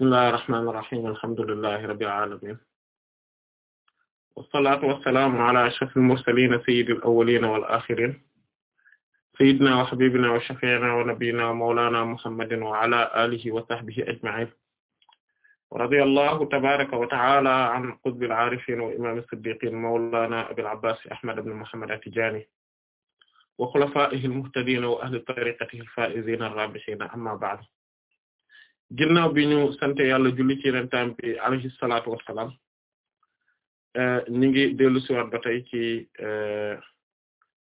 bismillahir rahmanir rahim alhamdulillahi rabbil alamin wassalatu wassalamu ala ashrafil mursalin sayyidil awwalin wal akhirin sayyidina wa habibina wa shafi'ina wa nabiyyina wa mawlana muhammadin wa ala alihi wa sahbihi ajma'in radiyallahu tabaraka wa ta'ala an qutbil arifin wa imam as-siddiqin mawlana abil abbas ahmad ibn muhammad at-tijani wa khulafa'ihil muhtadin wa ahli tariqatihi al-fa'izin ar-rabihin amma ba'd ginnaaw bi ñu sante yàlla julli ci rentam bi wassalaam eh, ñi ngi dellu siwaat ba tey ci eh,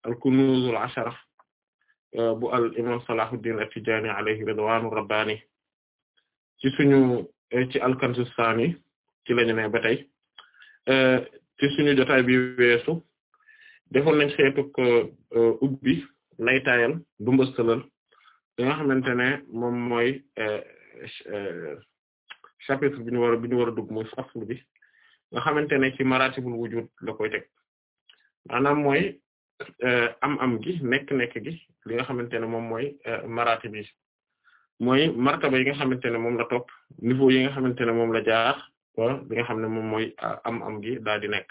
al kunuzul ashara eh, bu al imam Salahuddin at-Tijani alayhi ridwanu ci suñu ci al ci lañu ne ba ci suñu jotaay bi weesu defoon nañ xeetu ubbi laytaayal du mbëstalal li nga xamante ne moom mooy Euh, chapitre bi ñu war a bi ñu war a dugg mooy fasl bi nga xamante ne ci maratibul wujud la koy teg maanaam mooy euh, am-am gi nekk-nekk gi li nga xamante ne moom mooy euh, maratib yi mooy martaba yi nga xamante ne moom la topp niveau yi nga xamante ne moom la jaar wa bi nga xam ne moom mooy am-am gi daal di nekk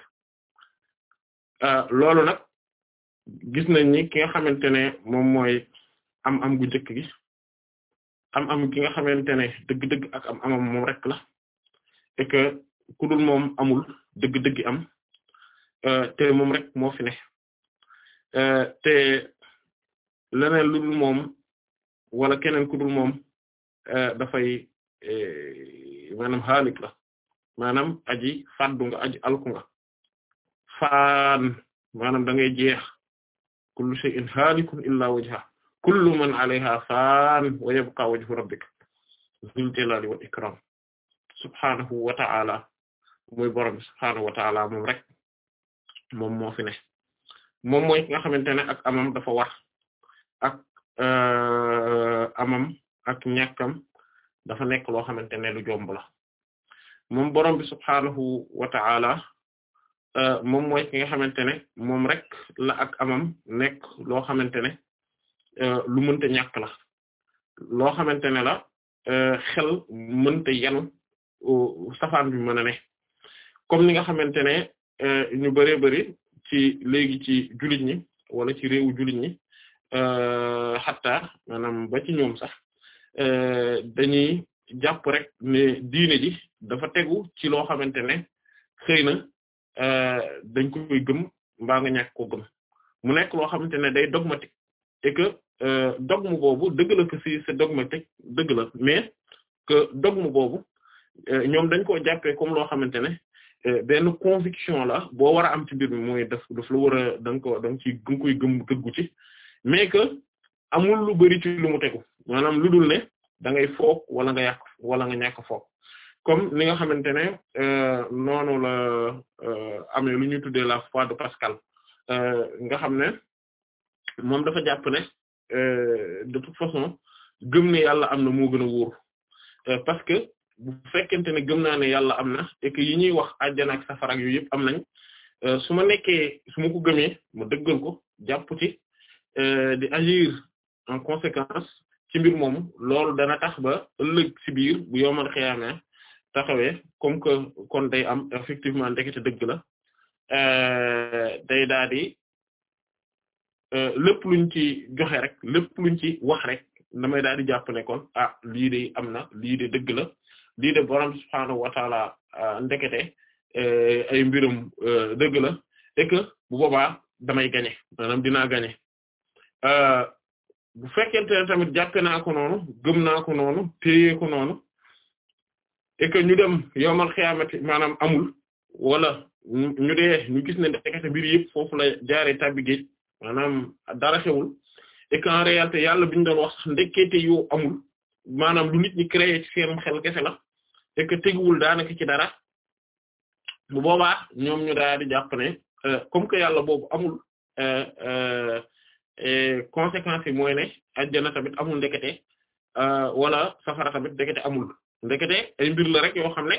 loolu nag gis nañ ni ki nga xamante ne moom mooy am-am gu njëkk gi am am ki nga xamante ne dëgg-dëgg ak am amam moom rek la et que ku moom amul dëgg-dëgg am euh, te moom rek moo fi ne euh, te leneen lu dul moom wala keneen ku dul moom euh, dafay maanaam xaalik la maanaam aji faddu nga aji alku nga faan maanaam da ngay jeex kullu shay'in haalikun illa kullu man alayha fan wa yabqa wajhu rabbika zul jalali wal ikram subhaanahu wa ta'ala muy borom subhaanahu wa ta'ala moom rek moom moo fi ne moom nga xamante ne ak amam dafa wax ak euh, amam ak ñàkkam dafa nekk loo xamante ne lu jomb la moom borom bi subhaanahu wa ta'ala euh, moom mooy ki nga xamante ne moom rek la ak amam nekk loo xamante ne Euh, lu mënta ñàkk la loo xamante ne la euh, xel mënta yanu euh, safaan bi mën a ne comme ni nga xamante ne ñu bëree bëri ci léegi ci jullit ñi wala ci réewu jullit ñi xataa maanaam ba sax dañuy jàpp rek ne diine ji dafa tegu ci loo xamante ne xëy na dañ koy gëm mbaa nga ñàkk ko gëm nekk loo xamante ne day dogmatique et Euh, dogme boobu dëgg la que si c'est dogmatique dëgg la mais que dogme boobu euh, ñoom dañ koo jàppee comme loo xamante ne euh, benn conviction la boo war a am ci mbir mi mooy daf daf la war a da nga ko da nga ciy gën koy gëm mais que amul lu bari ci lu mu tegu maanaam lu dul ne da ngay foog wala nga yàq wala nga ñàkk foog comme ni nga xamante ne noonu la amee lu ñuy tuddee la fois de Pascal nga xam ne moom dafa jàpp ne Euh, de toute façon gëm ne yàlla am na moo gën a wóor euh, parce que bu fekkente ne gëm naa ne yàlla am na et que yi ñuy wax àjjana ak safara ak yooyu yëpp am nañ euh, su ma nekkee su ma ko gëmee ma dëggal ko jàpp ci di agir en conséquence ci mbir moomu loolu dana tax ba ëllëg si biir bu yomal xiyaama taxawee comme que kon day am effectivement ndekete dëgg la day daal Euh, lépp luñ ci joxe rek lépp luñ ci wax rek damay daal di jàpp ne kon ah lii de am na lii de dëgg la lii de borom subhaanahu ah, euh, mbirum euh, dëgg la et bu boobaa damay gañe maanaam dinaa gañe bu fekkente tamit jàppe naa ko noonu gëm naa ko noonu téye ko noonu et que maanaam amul wala ñu dee ñu gis ne ndekete mbir yëpp foofu la jaare maanaam dara xewul et qu'en réalité yàlla bi wax sax ndekete yoo amul maanaam lu nit ñi créé ci seen xel kese la et que teguwul daanaka ci dara bu boobaa ñoom ñu daal di jàpp ne euh, comme que yàlla boobu amul euh, euh, conséquences yi mooy ne ajjana tamit amul ndekete wala safara tamit ndekete amul ndekete ay mbir la rek yoo xam ne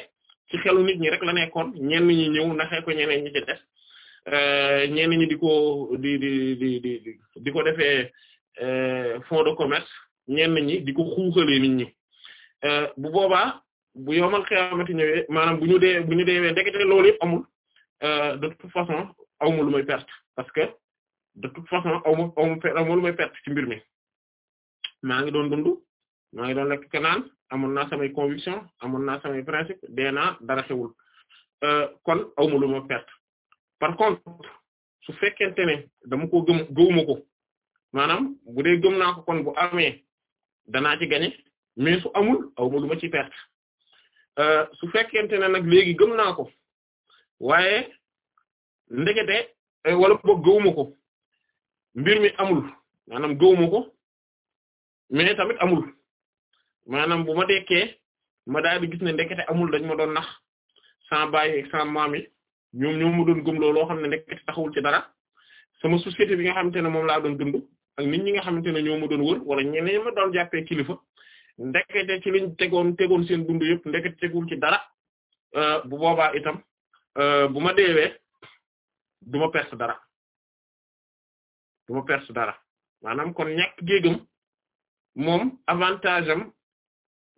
ci xelu nit ñi rek la nekkoon ñenn ñi ñëw naxee ko ñi ci Euh, ñenn ñi di ko di di di di euh, fonds de commerce ñenn ñi di ko xuuxalee nit ñi euh, bu boobaa bu yomal xiyamati ñëwee maanaam bu ñu dee bu ñu deewee ndekete loolu yëpp amul de toute façon awma lu may perte parce que de toute façon awma awma lu perte ci mbir mi maa ngi doon dund maa ngi doon lekk amoon naa samay conviction amoon naa samay principe dee naa dara xewul kon awma lu ma perte par contre su fekkente ne dama ko gëm gëwuma ko maanaam bu dee gëm naa ko bu amee danaa ci gagner mais su amul awma lu ma ci perte euh, su fekkente ne nag léegi gëm naa ko waaye ndekete euh, wala boog gëwuma ko mbir mi amul maanaam gëwuma ko mais tamit amul maanaam bu ma dekkee ma daal di gis ne ndekete amul dañ ma doon nax sans bàyyi ñoom ñoom mu doon gëmloo loo xam ne nekk taxawul ci dara sama société bi nga xamante ne moom laa doon dund ak nit ñi nga xamante ne ñoo ma doon wër wala ñeneen ma doon jàppee kilifa ndekete ci liñ tegoon tegoon seen dund yëpp ndekete tegul ci dara euh, bu boobaa itam euh, bu ma deewee du ma perte dara du ma dara maanaam kon ñàkk géegam moom avantage am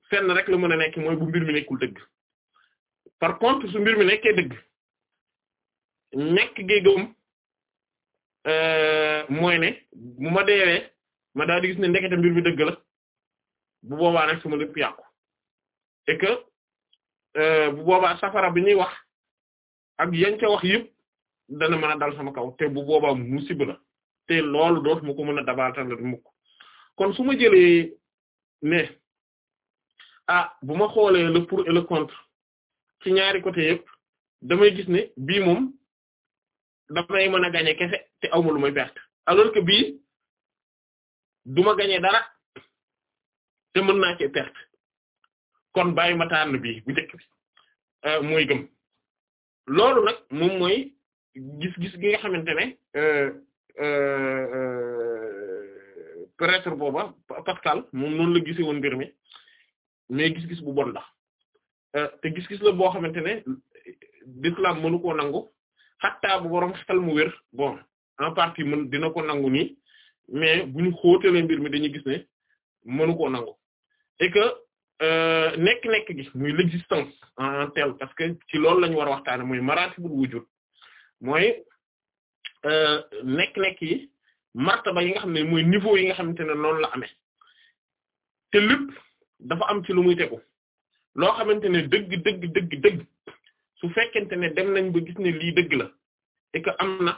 fenn rek la mën a nekk mooy bu mbir mi nekkul dëgg par contre su mbir mi nekkee dëgg nekk gi gëm euh, mooy ne bu ma deewee ma daal di gis ne ndekete mbir bi dëgg la bu boobaa nag sama lépp yàqu et euh, bu boobaa safara bi ñuy wax ak yañ ca wax yëpp dana mën a dal sama kaw te bu boobaa musiba la te loolu dootuma ko mën a dabaatal mukk kon su ma jëlee ne ah bu ma xoolee le pour et le contre ci ñaari côté yëpp damay gis ne bii moom damay mën a gagner kese te awma lu may perte alor que bii duma gagner dara te mën naa cee perte kon bàyyi ma tànn bii bu njëkk bi euh, mooy gëm loolu nag moom mooy gis-gis gi nga xamante ne euh, euh, prêtre booba Pascal moom noonu la gise woon mbir mi mais gis-gis bu bon la te gis-gis la boo xamante ne l'islam mënu koo nangu xattaa bu borom xel mu wér bon en partie mën dina ko nangu nii mais bu ñu xóotalee mbir mi dañuy gis ne mënu koo nangu et que euh, nekk-nekk gi muy l'existence en tel parce que ci loolu lañu ñu war a waxtaane muy maratibul wujud mooy euh, nekk-nekk yi martaba yi nga xam ne mooy niveau yi nga xamante ne noonu la ame te lépp dafa am ci lu muy tegu loo xamante ne dëgg dëgg dëgg dëgg su fekkente ne dem nañ ba gis ne lii dëgg la et am na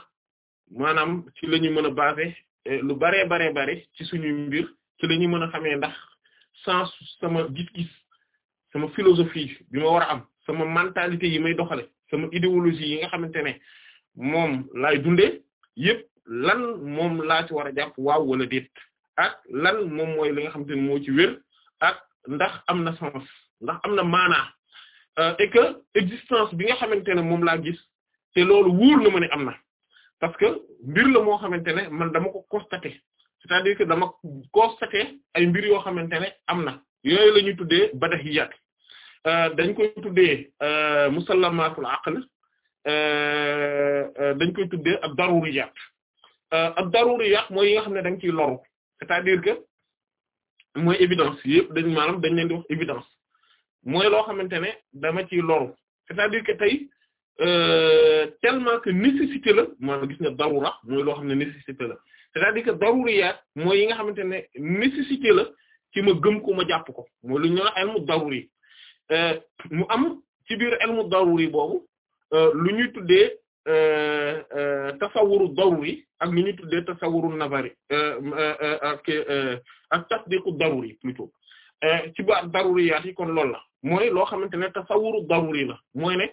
maanaam ci la ñu mën a basé eh, lu baree baree bare ci suñuy mbir ci la ñu mën a xamee ndax sens sama gis-gis sama philosophie bi ma war a am sama mentalité yi may doxale sama idéologie yi nga xamante ne moom laay dundee yépp lan moom laa ci war a jàpp waaw wala déet ak lan moom mooy li nga xamante ne moo ci wér ak ndax am na sens ndax am na maanaa Euh, et existence bi nga xamante ne moom laa gis te loolu wóor na ma ne am na parce que mbir la moo xamante ne man dama ko constaté cest dire que dama constaté ay mbir yoo xamante ne am na yooyu la ñuy tuddee badahiyat euh, dañ koy tuddee euh, musallamatul aql dañ koy tuddee ak daruriyat ak daruriyat mooy yi nga xam ne da nga ciy loru c'est-à-dire que mooy évidence yëpp dañ maanaam dañ leen di évidence mooy loo xamante ne dama ciy loru c'est-à-dire que tey euh, tellement que nécessité la mooy gis nga darura mooy loo xam ne nécessité la c'est-à-dire mooy yi nga xamante ne nécessité la ci ma gëm ko ma jàpp ko mooy lu ñu la ilmu daruri euh, mu am ci biir ilmu daruri boobu euh, lu ñuy tuddee tasawuru daruri ak lu ñuy tuddee tasawuru nabari ak ak tasdiqu daruri plutôt Eh, ci baat daruriyaat yi kon loolu la mooy loo xamante ne tasawuru daruri la mooy ne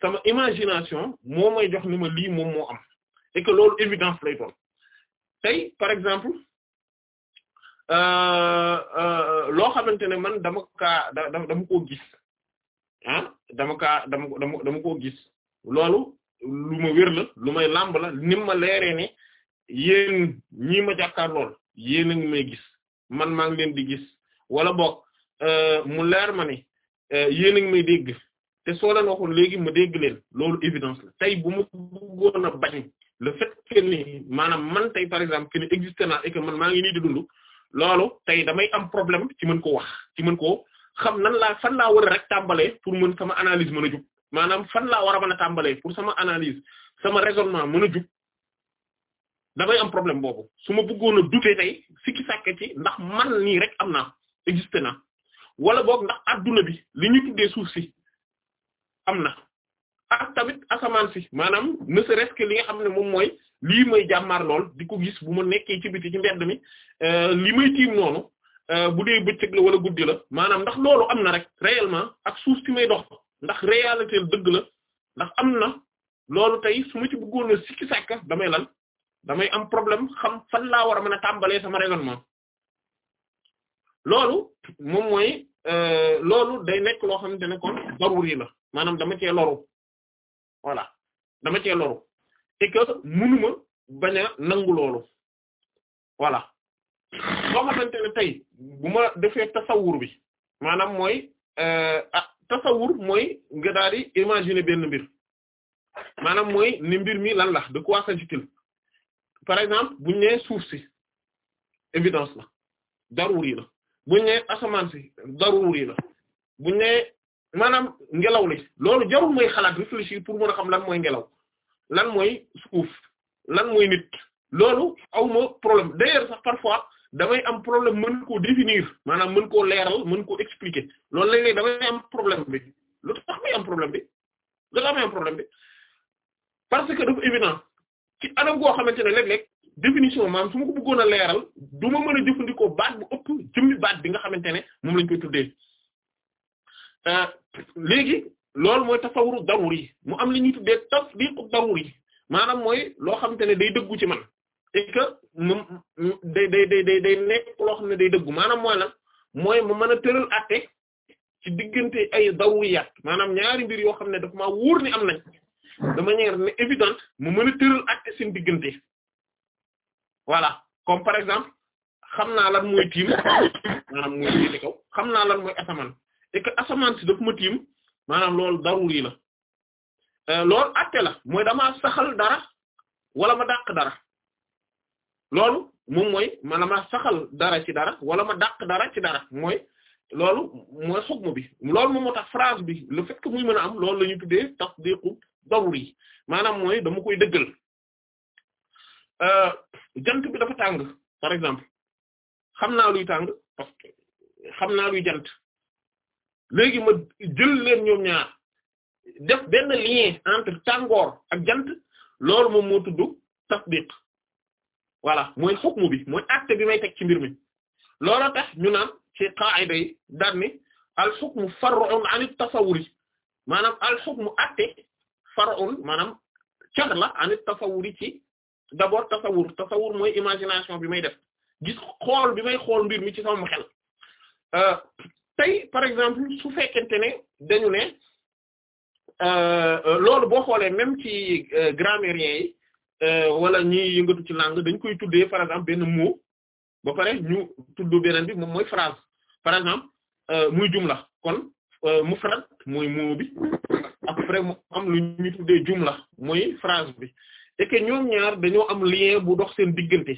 sama imagination moo may jox ni ma lii moom moo am et que évidence lay doon tey par exemple euh, euh, euh, loo xamante ne man dama kaa dama koo gis ah dama kaa dama dama dama koo gis loolu lu ma wér la may làmb la ni ma leeree ne yéen ñii ma jàkkaar lool yéen a gis man maa ngi leen di gis wala boog euh, mu leer ma ne euh, yéen a ngi may dégg te soo leen waxoon léegi ma dégg leen loolu évidence la tey bu ma bëggoon a bañ le fait que ni maanaam man tey par exemple que ni existé naa et que man maa ngi nii di dund loolu tey damay am problème ci mën ko wax ci mën ko xam nan laa fan laa war a rek tàmbalee pour mën sama analyse mën a jub maanaam fan laa war a mën a tàmbalee pour sama analyse sama raisonnement mën a jub damay am problème boobu su ma bëggoon a douter tey sikki sàkk ci ndax man nii rek am naa existé na wala boog ndax adduna bi li ñu tuddee suuf si am na ah tamit asamaan si maanaam ne serait li nga xam ne moom mooy lii mooy jàmmaar lool di ko gis bu ma nekkee ci biti ci mbedd mi euh, li may tiim noonu euh, bu dee bëccëg la wala guddi la maanaam ndax loolu am na rek réellement ak suuf si may dox ndax réalité dëgg la ndax am na loolu tey su ma ci bëggoon a sàkka damay lan damay am problème xam fan laa war a mën a tàmbalee sama raisonnement loolu moom mooy euh, loolu day nekk loo xamante ne kon daruri na maanaam dama cee loru voilà dama cee loru et que mënuma nangu loolu voilà soo xamante ne tey bu defee tasawur bi maanaam mooy euh, ah tasawur mooy nga daal di imaginer benn mbir maanaam mooy ni mbir mi lan la de quoi sagit par exemple buñ nee suuf si évidence la daruri na buñ ne asamaan si daruri la buñ ne maanaam ngelaw li loolu jarul mooy xalaat réfléchir pour mën a xam lan mooy ngelaw lan mooy suuf lan mooy nit loolu awma problème d'ailleurs sax parfois damay am problème mën koo définir maanaam mën koo leeral mën koo expliquer loolu léeg damay am problème bi lu tax may am problème bi lu tax may am problème bi parce que dafa évident ci anam goo xamante ne léeg-léeg définition maam su ma ko bëggoon a leeral du ma mën a jëfandikoo baat bu ëpp jëmmi baat bi nga xamante ne moom lañ koy tuddee euh, léegi loolu mooy tasawuru daruri mu am li ñuy tuddee tasdiqu daruri maanaam mooy loo xamante ne day dëggu ci man et que moom day day day nekk loo xam ne day dëggu maanaam mooy lan mooy mu mën a tëral àtte ci diggante ay daruriyaat maanaam ñaari mbir yoo xam ne dafa maa wóor ni am nañ de manière ne évidente mu mën a tëral àtte seen diggante voilà comme par exemple xam naa lan mooy tiim maanaam mooy féete kaw xam naa lan mooy asamaan et que asamaan si daf ma tiim maanaam loolu daruri la euh, loolu àtte la mooy damaa saxal dara wala ma dàq dara loolu moom mooy maanaam ma saxal dara ci dara wala ma dàq dara ci dara mooy loolu mooy xogma bi loolu moom moo tax phrase bi le fait muy mën am loolu la ñu tuddee tasdiqu daruri maanaam mooy dama koy dëggal euh, jant bi dafa tàng par exemple xam naa luy tàng parce xam naa luy jant léegi ma jël leen ñoom ñaar def benn lien entre tàngoor ak jant loolu moom moo tudd tasdiq voilà mooy xukmu bi mooy acte bi may teg ci mi looloo tax ñu naan ci qaida yi daan ni al xukmu far'un an at-tasawwur maanaam al xukmu acte far'un maanaam car la anit tasawuri ci d'abord tasawur tasawur mooy imagination bi may def gis xool bi may xool mbir mi ci sama xel euh, tey par exemple su fekkente ne dañu ne euh, loolu boo xoolee même ci euh, grammairien yi wala ñiy yëngatu ci langue dañ koy tuddee par exemple benn mu ba pare ñu tudd beneen bi moom mooy phrase par exemple muy jumla kon mufrad mooy mot bi après mu am lu ñu tuddee jumla mooy phrase bi et que ñoom ñaar dañoo am lien bu dox seen diggante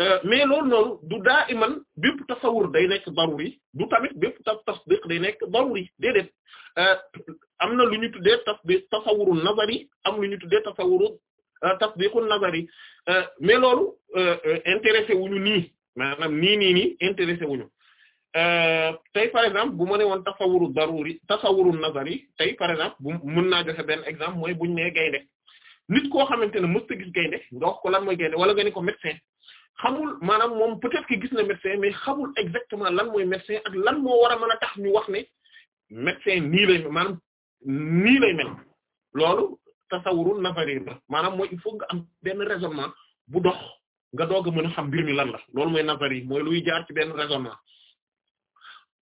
euh, mais loolu noonu du daa iman bépp tasawur day nekk daruri du tamit bépp tas tasdiq day nekk daruri déedéet euh, am na lu ñu tuddee tas tasawuru nazari am lu ñu tuddee tasawuru euh, tasdiqu nazari mais loolu intéressé wuñu nii maanaam nii nii nii intéressé wuñu Euh, tey par exemple bu ma ne woon tasawuru daruri tasawuru nazari tey par exemple bu mun naa joxe benn exemple mooy buñ nee gaynde nit koo xamante ne mësta gis gaynde nga wax ko lan mooy gaynde wala nga ni ko médecin xamul maanaam moom peut-être que gis na médecin mais xamul exactement lan mooy médecin ak lan moo war a tax ñu wax ne médecin nii lay maanaam nii lay mel loolu tasawuru nazari la maanaam mooy il faut nga am benn raisonnement bu dox nga doog a mën a xam mbir mi lan la loolu mooy nazari mooy luy jaar ci benn raisonnement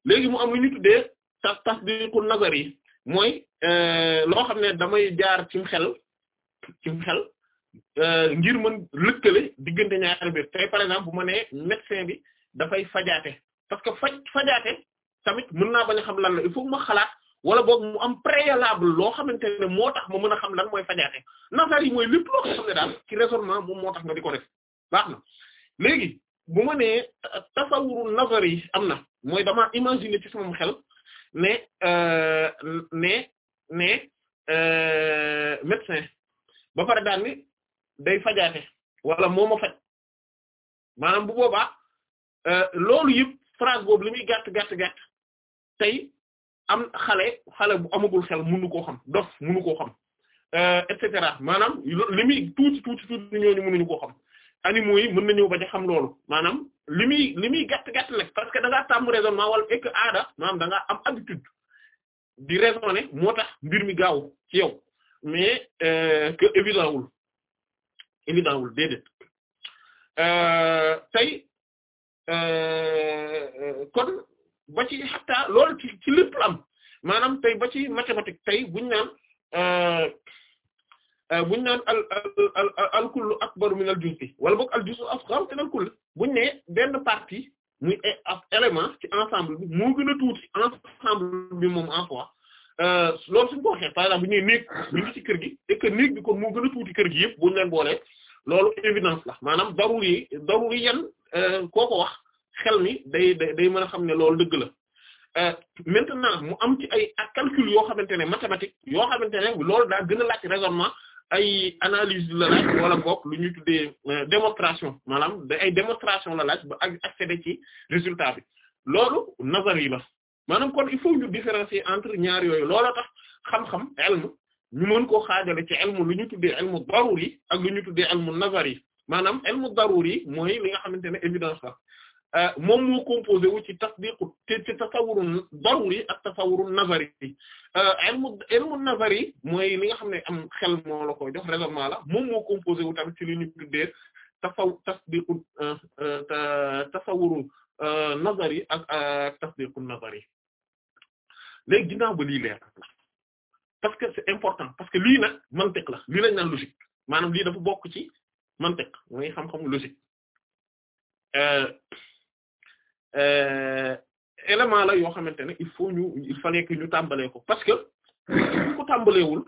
léegi mu am lu ñu tuddee tas tasdiqu nazar yi mooy euh, loo xam ne damay jaar cim xel cim xel euh, ngir mën lëkkale diggante ñaari biir tey par exemple bu ma nee médecin bi dafay fajaate parce que faj fajaate tamit mën naa bañ a xam lan la il faut ma xalaat wala boog mu am préalable loo xamante ne moo tax ma mën a xam lan mooy fajaate nazar yi mooy lépp loo xam ne daal ci raisonnement moom moo tax nga di ko def baax na léegi bu ma nee tasawuru nazar yi am na mooy damaa imaginer ci sama xel ne euh, ne ne euh, médecin ba pare daal ni day fajaate wala moo ma faj bu boobaa euh, loolu yëpp phrase boobu li muy gàtt gàtt gàtt tey am xale xale bu amagul xel mënu koo xam dof mënu koo xam et cetera maanaam li muy tuuti tuuti tuuti ñooñu mënuñu koo xam animaux yi mën nañoo bañ a xam loolu maanaam li muy li muy gàtt parce que da ngaa tàmm raisonnement wala fekk aada maanaam da am habitude di raisonner moo tax mbir mi gaaw ci yow mais euh, que évident wul évident wul déedéet euh, tey euh, kon ba ci xataa loolu ci ci lépp am maanaam tey ba mathématique tey buñu Euh, buñ naan al al al kullu akbar min al juz'i wala boog al juz'u asghar min al kull buñ ne benn partie muy ab élément ci ensemble bi gën a tuuti ensemble bi moom en soi euh, loolu suñ ko waxee par exemple bu ñu nee néeg ñu ngi ci kër gi et que néeg bi kon moo gën a tuuti kër gi yëpp buñ leen boolee loolu évidence la maanaam daruri daruri yan euh, koo ko wax xel mi day day day mën a xam ne loolu dëgg la. maintenant mu am ci ay calcul yoo xamante ne mathématique yoo xamante ne loolu daa gën a laaj raisonnement ay analyse la laaj wala boog lu ñu tuddee euh, démonstration maanaam de ay démonstration la laaj ba accéder ci résultat bi loolu nazar yi la maanaam kon il faut ñu différencier entre ñaar yooyu looloo tax xam-xam elmu ñu mën koo xaajale ci elmu lu ñu tuddee elmu daruri ak lu ñu tuddee elmu nazar yi maanaam elmu daruri mooy li nga xamante ne évidence la Euh, moom moo composé wu ci tasdiqu te ci tasawuru daruri ak tasawuru euh, nazari mooy li nga xam ne am xel moo la ko jox la moom moo composé wu tamit ci li ñu tuddee tasaw tasdiqu euh, tasawuru nazari ak tasdiqu nazari léegi ginnaaw ba lii leer parce que c'est important parce que lii nag mantiq la lii lañ naan logique maanaam lii dafa bokk ci mantiq mooy xam-xamu logique Euh, élément la yoo xamante ne il faut ñu il fallait que ñu tàmbalee ko parce que ñu ko tàmbaleewul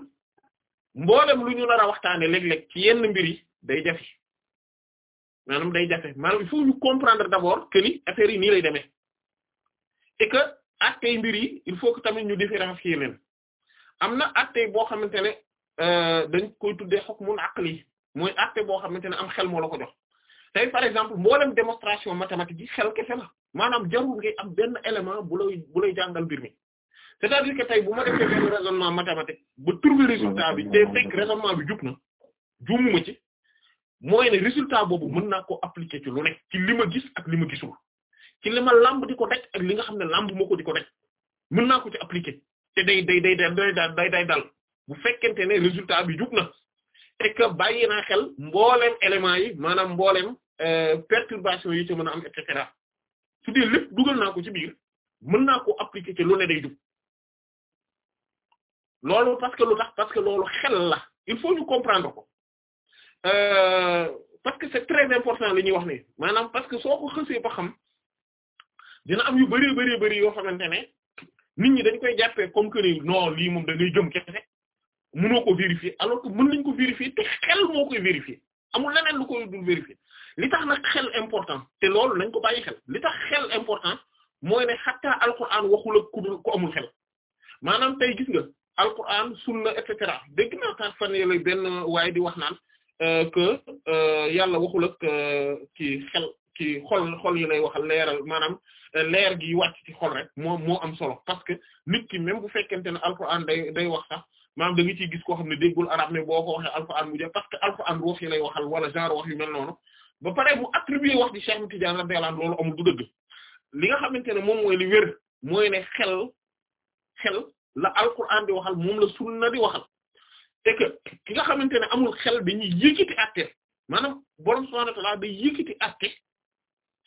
mboolem lu ñu nar a waxtaane léeg-léeg ci yenn mbir yi day jafe maanaam day jafe maanaam il faut ñu comprendre d'abord que ni yi nii lay demee et que attey mbir yi il faut que tamit ñu différencier leen am na attey boo xamante ne euh, dañ koy tuddee hukmun aqli mooy atte boo xamante ne am xel moo la ko jox tey par exemple mboolem démonstration mathématique xel kese la maanaam jarul ngi am benn élément bu lay bu lay jàngal mbir mi c'est-à-dire que tey bu ma defee benn raisonnement mathématique ba trouver résultat bi te fekk raisonnement bi jub na juumuma ci mooy résultat boobu mën naa ko appliquer ci lu nekk ci li gis ak li ma ci li ma làmb di ko daj li nga xam ne làmb moo ko di ko daj mën ko ci appliquer te day day day day day day dal bu fekkente ne résultat bi jub na et que naa xel mbooleem élément yi maanaam mbooleem euh, perturbation yi mën a am su dee lépp dugal naa ko ci biir mën naa ko appliquer ci lu ne day jub loolu parce que lu tax parce que loolu xel la il faut ñu comprendre ko euh, parce que c'est très important li ñuy wax ne maanaam parce que soo ko xësee ba xam dina am yu bari bari bari yoo xamante ne nit ñi dañ koy jàppee comme que ni non lii moom da ngay jëm kese mënoo ko vérifier alors que mën nañ ko vérifier te xel moo koy vérifier amul leneen lu koy dul vérifier li tax na xel important te loolu nañ ko bàyyi xel li tax xel important mooy ne xataa alquran waxul ak ku amul xel maanaam tey gis nga alquran na et cetera dégg naa tax fan yële benn waaye di wax naan euh, que euh, yàlla waxul ak ci euh, xel ci xol xol yi lay waxal leeral maanaam leer gi wàcc ci xol rek moo moo am solo parce que nit ki même bu fekkente ne alquran day day wax sax. maanaam da nga gis koo xam ne déggul arab mais boo ko waxee alxuraan mu parce que alxuraan ruux yi lay waxal wala genre wax yu mel ba pare mu attribué wax ci Cheikh Tidiane radiyallahu anhu loolu amul du dëgg li nga xamante ne moom mooy li wér mooy ne xel xel la alquran di waxal moom la sunna di waxal c'est ki nga xamante ne amul xel dañuy yëkkati àtte maanaam borom subhaanahu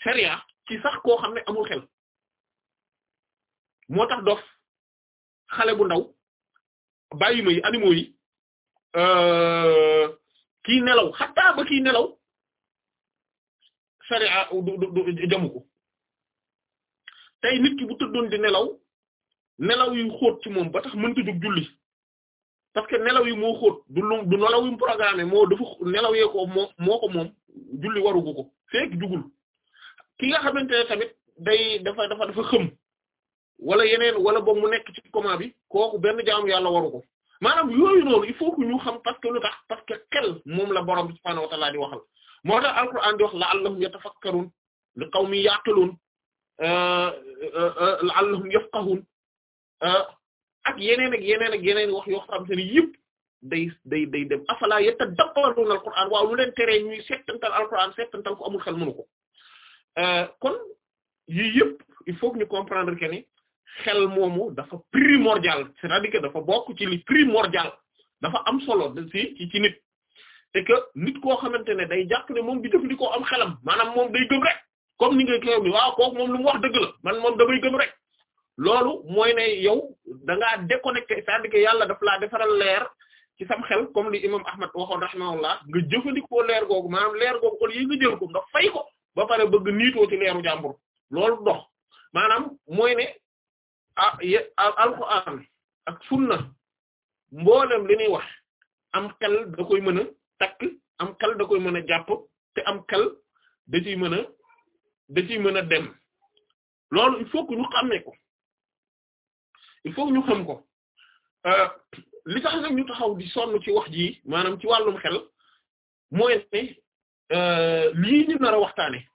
wa sax koo xam ne amul xel moo tax dof xale bu ndaw bàyyi ma yi animaux yi euh, kii nelaw xataa ba kii nelaw. sharia du du jamu ko tey ki bu di nelaw nelaw yu xóot ci moom ba tax mënta jóg julli parce que nelaw yi moo xóot du lu du nelaw yu programme moo dafa nelaw yee ko moo moo ko moom julli warugu ko fekk jugul ki nga xamante ne tamit day dafa dafa dafa xëm wala yeneen wala boog mu nekk ci coma bi kooku benn jaamu yàlla waru ko maanaam yooyu noonu il faut que ñu xam parce que lu tax parce que xel moom la borom bi subhaanahu wa ta'aala waxal moo tax alquran di wax la'allahum yatafakkarun mi qawmin ya'qilun euh, euh, euh, la'allahum yafqahun ak yeneen ak yeneen ak yeneen wax yoo xam te ne yëpp day day day dem afala yatadabbaruna alquran waaw lu leen teree ñuy settantal alquran settantal ko amul xel mënu ko kon yii yëpp il faut que ñu comprendre que ni xel moomu dafa primordial c'est-à-dire dafa bokk ci li primordial dafa am solo ci ci nit et que nit koo xamante ne day jàpp ne moom di jëfandikoo am xelam maanaam moom day gëm rek comme ni nga koy ni waaw kooku moom lu wax dëgg la man moom damay gëm rek loolu mooy ne yow da ngaa déconnecté c'est-à-dire que yàlla daf laa defaral leer ci sam xel comme li imam Ahmad waxoon rahimahullah nga jëfandikoo leer googu maanaam leer googu kon yi nga jël ko ndax fay ko ba pare bëgg niitoo ci leeru jàmbur loolu dox maanaam moy ne ah alxuraan ak sunna mboolem li ñuy wax am xel da koy mën a. takk am xel da koy mën a jàpp te am xel da ci mën a da ci mën a dem lool il faut que ñu xamee ko il faut ñu xam ko euh, li tax nag ñu ji maanaam ci wàllum xel mooy ne euh, nar a waxtaane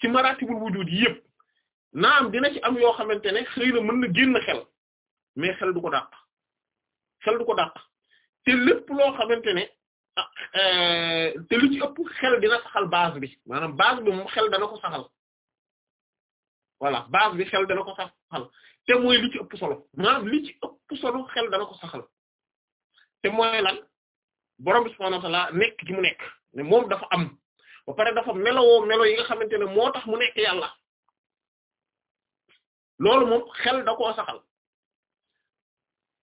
ci maratibul wujud yi yëpp naam dina ci am yoo xamante ne xëy na mën na génn xel mais xel du ko dàq xel du ko dàq te lépp loo xamante ne Eh, te lu ci ëpp xel dina saxal base bi maanaam base bi moom xel dana ko saxal voilà base bi xel dana ko saxal te mooy li ci ëpp solo maanaam li saxal te mooy lan borom bi subhaanahu wa nekk ci mu nekk ne moom dafa am ba pare dafa melowoo melo yi nga xamante ne moo tax mu nekk yàlla loolu moom xel da koo saxal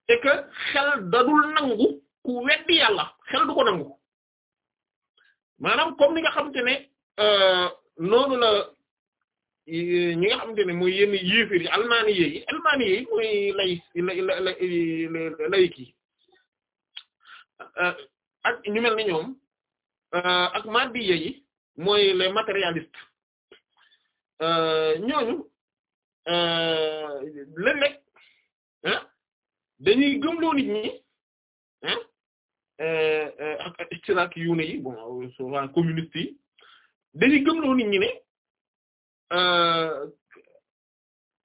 et xel dadul nangu. ku weddi yàlla xel du ko nangu maanaam comme ni nga xamante ne euh, noonu la euh, ñi nga xamante ne mooy yenn yéefir yi almaani yi almaani yi mooy lay la la lay kii euh, ak ñu mel ni ñoom ak maddi yi mooy les matérialistes ñooñu léeg-léeg ah dañuy gëmloo nit Euh, euh, ak istiraak yu ne yi bon souvent communiste yi dañuy gëmloo nit ñi ne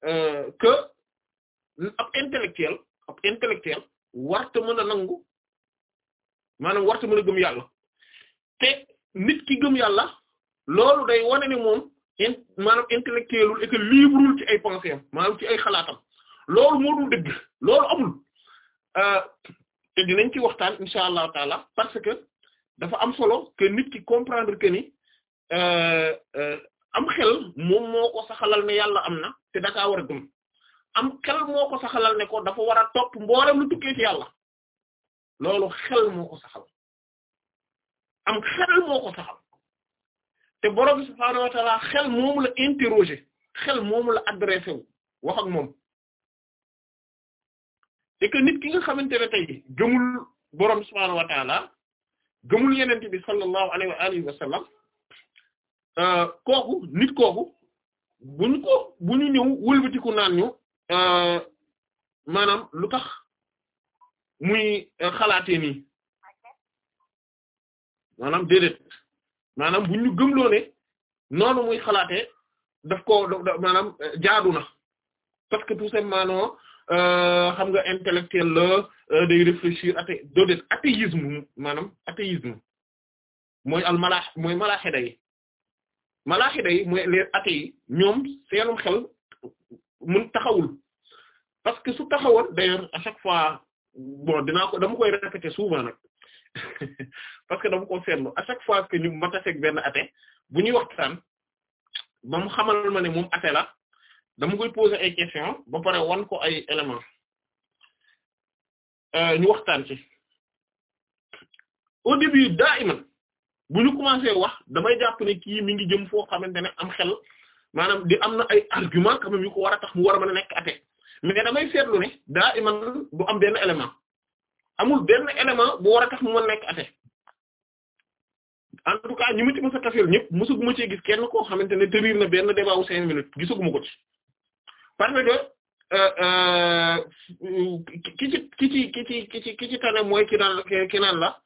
euh, que ab intellectuel ab intellectuel warta mën a nangu maanaam warta mën a gëm yàlla te nit ki gëm yàlla loolu day wane ne moom in maanaam intellectuelul et que ci ay pensées am ci ay xalaatam loolu moo dul dëgg loolu amul te dinañ ci waxtaan incha allahu taala parce que dafa am solo que nit ki comprendre que ni euh, euh, am xel moom moo ko ne yàlla am na te dakaa war a am xel moo saxalal ne ko dafa war a topp mboolem lu tukkee ci yàlla loolu xel moo ko saxal am xel moo ko saxal te borom subhaanahu wa xel moomu la interroger xel moomu la adressé wu wax ak moom c'est que nit ki nga xamante ne tey gëmul borom subhaanahu wa taala gëmul yenente bi sallallahu alayhi wa euh, kooku nit kooku bu ñu ko bu ñu ñëw wëlbatiku naan ñu euh, maanaam lu tax muy xalaatee nii maanaam déedéet maanaam bu ñu gëmloo noonu muy xalaatee daf ko maanaam euh, jaadu na parce que tout simplement Euh, xam nga intellectuel la euh, day réfléchir athée athéisme maanaam athéisme mooy al mala mooy malaaxida yi malaaxida yi mooy les athées ñoom seenum xel mun taxawul parce que su taxawoon d'ailleurs à chaque fois bon koy répéter souvent nag parce que dama ko seetlu à chaque fois que ñu ma taseeg benn athée bu ñuy waxtaan ba mu xamal ma ne moom athée la dama koy poser ay questions ah, ba pare wan ko ay éléments euh, ñu waxtaan ci au début daa iman bu ñu commencé wax damay jàpp ne kii mi ngi jëm foo xamante ne am xel maanaam di am na ay argument quand même yu ko war a tax mu war ma mën a nekk athée mais damay seetlu ne daa iman du am benn élément amul benn élément bu war a tax mu mën nekk athée en tout cas ñi ma ci mës a tafeel ñëpp gis kenn koo xamante ne tenir na benn débat wu cinq minutes gisuguma ko parce euh, euh, que ki ci ki ci ki ci ki ci tane mooy ki naan ki naan la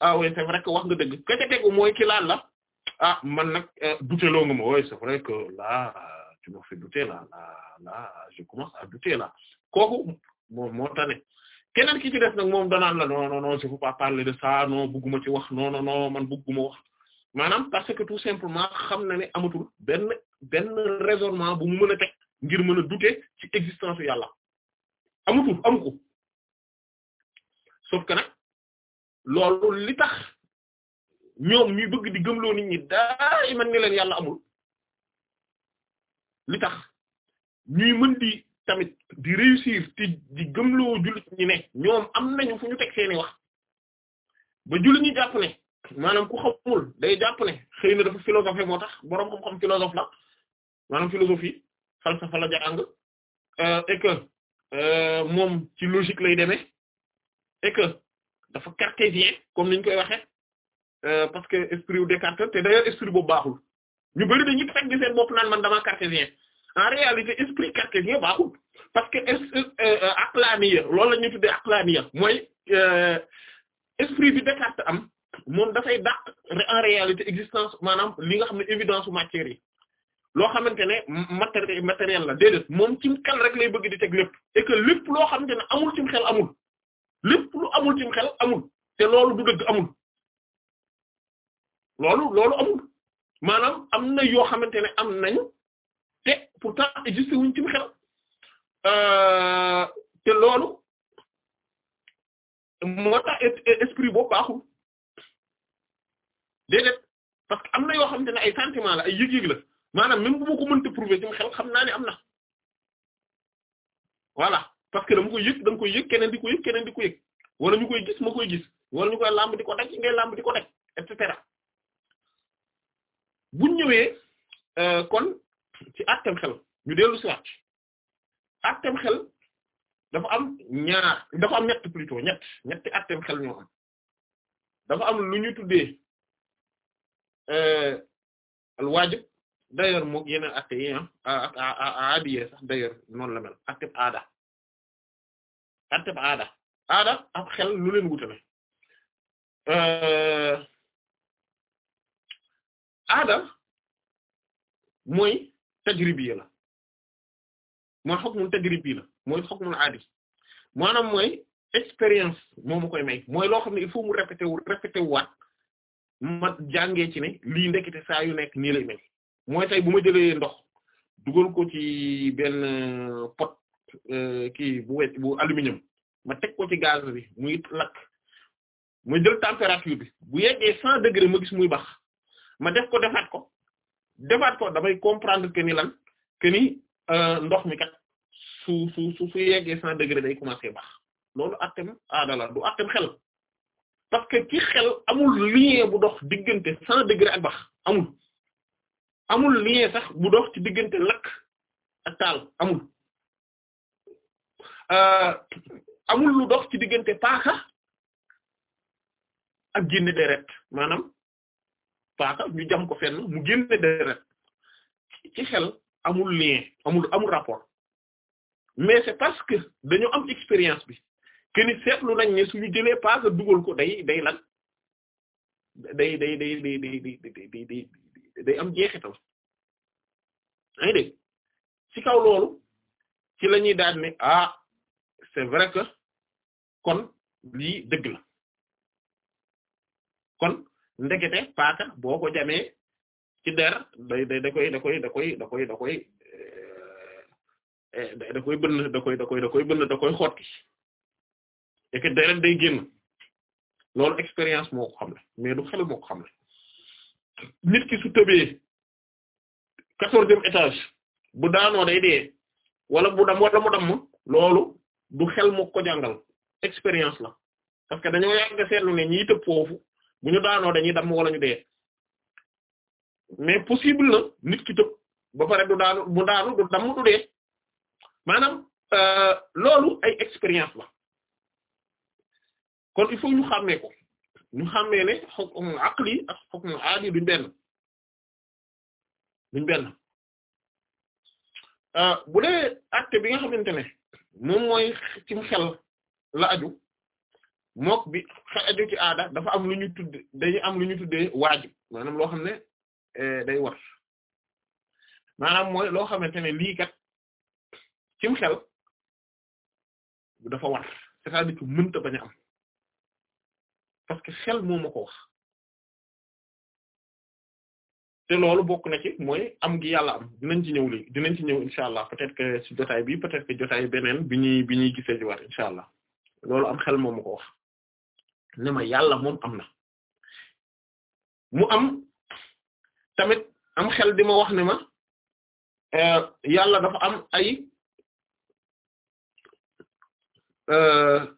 ah oui c'est vrai que wax nga dëgg ka ca tegu mooy ki laan la a ah, man nag euh, douteloo nga ma oui c'est vrai que là tu m'as fait douter là je commence à douter là kooku moom moo tane keneen ki ci des nag moom danaan la non non non je veux pas parler de ça non bëgguma ci wax non non non man bëgguma wax maanaam parce que tout simplement xam na ne amatul benn benn raisonnement bu mu mën a teg ngir mën a douter ci existence yàlla amutul amu ko sauf que nag loolu li tax ñoom ñuy bëgg di gëmloo nit ñi daay man ni leen yàlla amul li tax ñuy di tamit di réussir te di gëmloo jullit ñi ne ñoom am nañu fu ñu teg seeni wax ba jullit ñi jàpp ne maanaam ku xamul day jàpp ne xëy na dafa philosophie moo tax boroom xam-xam philosophe la maanaam philosophie falsafa la jàng euh, et que euh, moom ci logique lay demee et que dafa cartésien comme niñ koy waxee euh, parce que esprit Descartes te d'ailleurs esprit boobu baaxul ñu bari dañuy fekk di seen bopp naan man dama cartésien en réalité esprit cartésien baaxul parce que aqlaniya loolu la ñuy tuddee aqlaniya mooy esprit bi Descartes am moom dafay dàq en réalité existence maanaam li nga xam ne évidence u matière yi loo xamante ne matériel matériel la déedéet moom cim xel rek lay bëgg di teg lépp et que lépp loo xamante ne amul cim xel amul lépp lu amul cim xel amul te loolu du dëgg amul loolu loolu amul maanaam am na yoo xamante ne am nañ te pourtant existé wuñ cim xel euh, te loolu moo tax esprit boobu baaxul déedéet parce que am na yoo xamante ne ay sentiment la ay yëg-yëg la maanaam même bu ma ko mënta prouver ci xel xam naa ne am na voilà parce que dama koy yëg danga koy yëg keneen di yëg keneen di ko wala ñu koy gis ma koy gis wala ñu koy làmb buñ ñëwee euh, kon xel ñu dellu si waat àttem xel dafa am ñaar dafa am ñett plutôt ñett ñetti àttem xel ñoo am dafa am lu ñu tuddee euh, al d'ailleurs moog yeneen acte yi ah aadiye sax d'ailleurs noonu la mel acte aada acte aada aada ak xel lu leen wutale euh, aada mooy tajribi la mooy hukmul tajribi la mooy hukmul aadi maanaam mooy expérience moomu koy may mooy loo xam ne il faut mu répété waat ma jàngee ci ne lii ndekete nekk nii lay mel. mooy tey bu ma jëlee ndox dugal ko ci benn euh, pot euh, kii bu wecc bu aluminium ma teg ko ci gaz bi muy lakk ma jël température bi bu yeggee cent degré ma gis muy bax ma def ko defaat ko defaat ko damay comprendre que ni lan que euh, ndox mi kat su su su su cent degré day commencer bax loolu attem aadala du attem xel parce que ci xel amul lien bu dox diggante cent degré ak bax amul amul lien sax bu dox ci diggante lakk ak taal amul euh, amul lu dox ci diggante paaka ak génne deret maanaam paaka ñu jam ko fenn mu génne deret ci xel amul lien amul amul rapport mais c'est parce que dañoo am expérience bi que ni seetlu nañ ne suñu jëlee paaka dugal ko day day lan day day day day day day day day am jeexital yaa ngi dégg ci kaw loolu ci la ñuy daal ne ah c'est vrai que kon lii dëgg la kon ndekete paaka boo ko jamee ci der da koy da da koy eh, eh, da koy da koy da koy bënn da koy da koy da deret day génn loolu expérience moo ko xam ne mais du xel moo xam ne nit ki su tëbee quatorzième étage bu daanoo day dee wala bu dam wala mu damm loolu du xel mu ko jàngal expérience la parce que dañoo yàgg seetlu ne ñiy tëb foofu bu ñu daanoo dañuy damm wala ñu dee mais possible na nit ki tëb ba pare du daanu bu daanu du damm du dee maanaam euh, loolu ay expérience la kon il faut ñu xàmmee ko ñu xàmmee ne hukm aqli ak hukm aadi duñ benn duñ benn euh, bu dee acte bi nga xamante ne moom mooy ci xel la aju mook bi xel aju ci aada dafa am lu ñu tudde dañu am lu ñu tuddee waajib maanaam loo xam ne euh, day war maanaam mooy loo xamante ne lii kat cim xel dafa war c'est-à-dire que mënta bañ am parce que xel moo ma wax te loolu bokk na ci mooy am gi yàlla am dinañ ci ñëw léegi dinañ ci ñëw incha allah peut-être que jotaay bi peut-être que jotaay beneen bi ñuy bi ñuy gisee di waat allah loolu am xel moo ma wax ne yàlla moom am na mu am tamit am xel di wax ne euh, yàlla dafa am ay. Euh,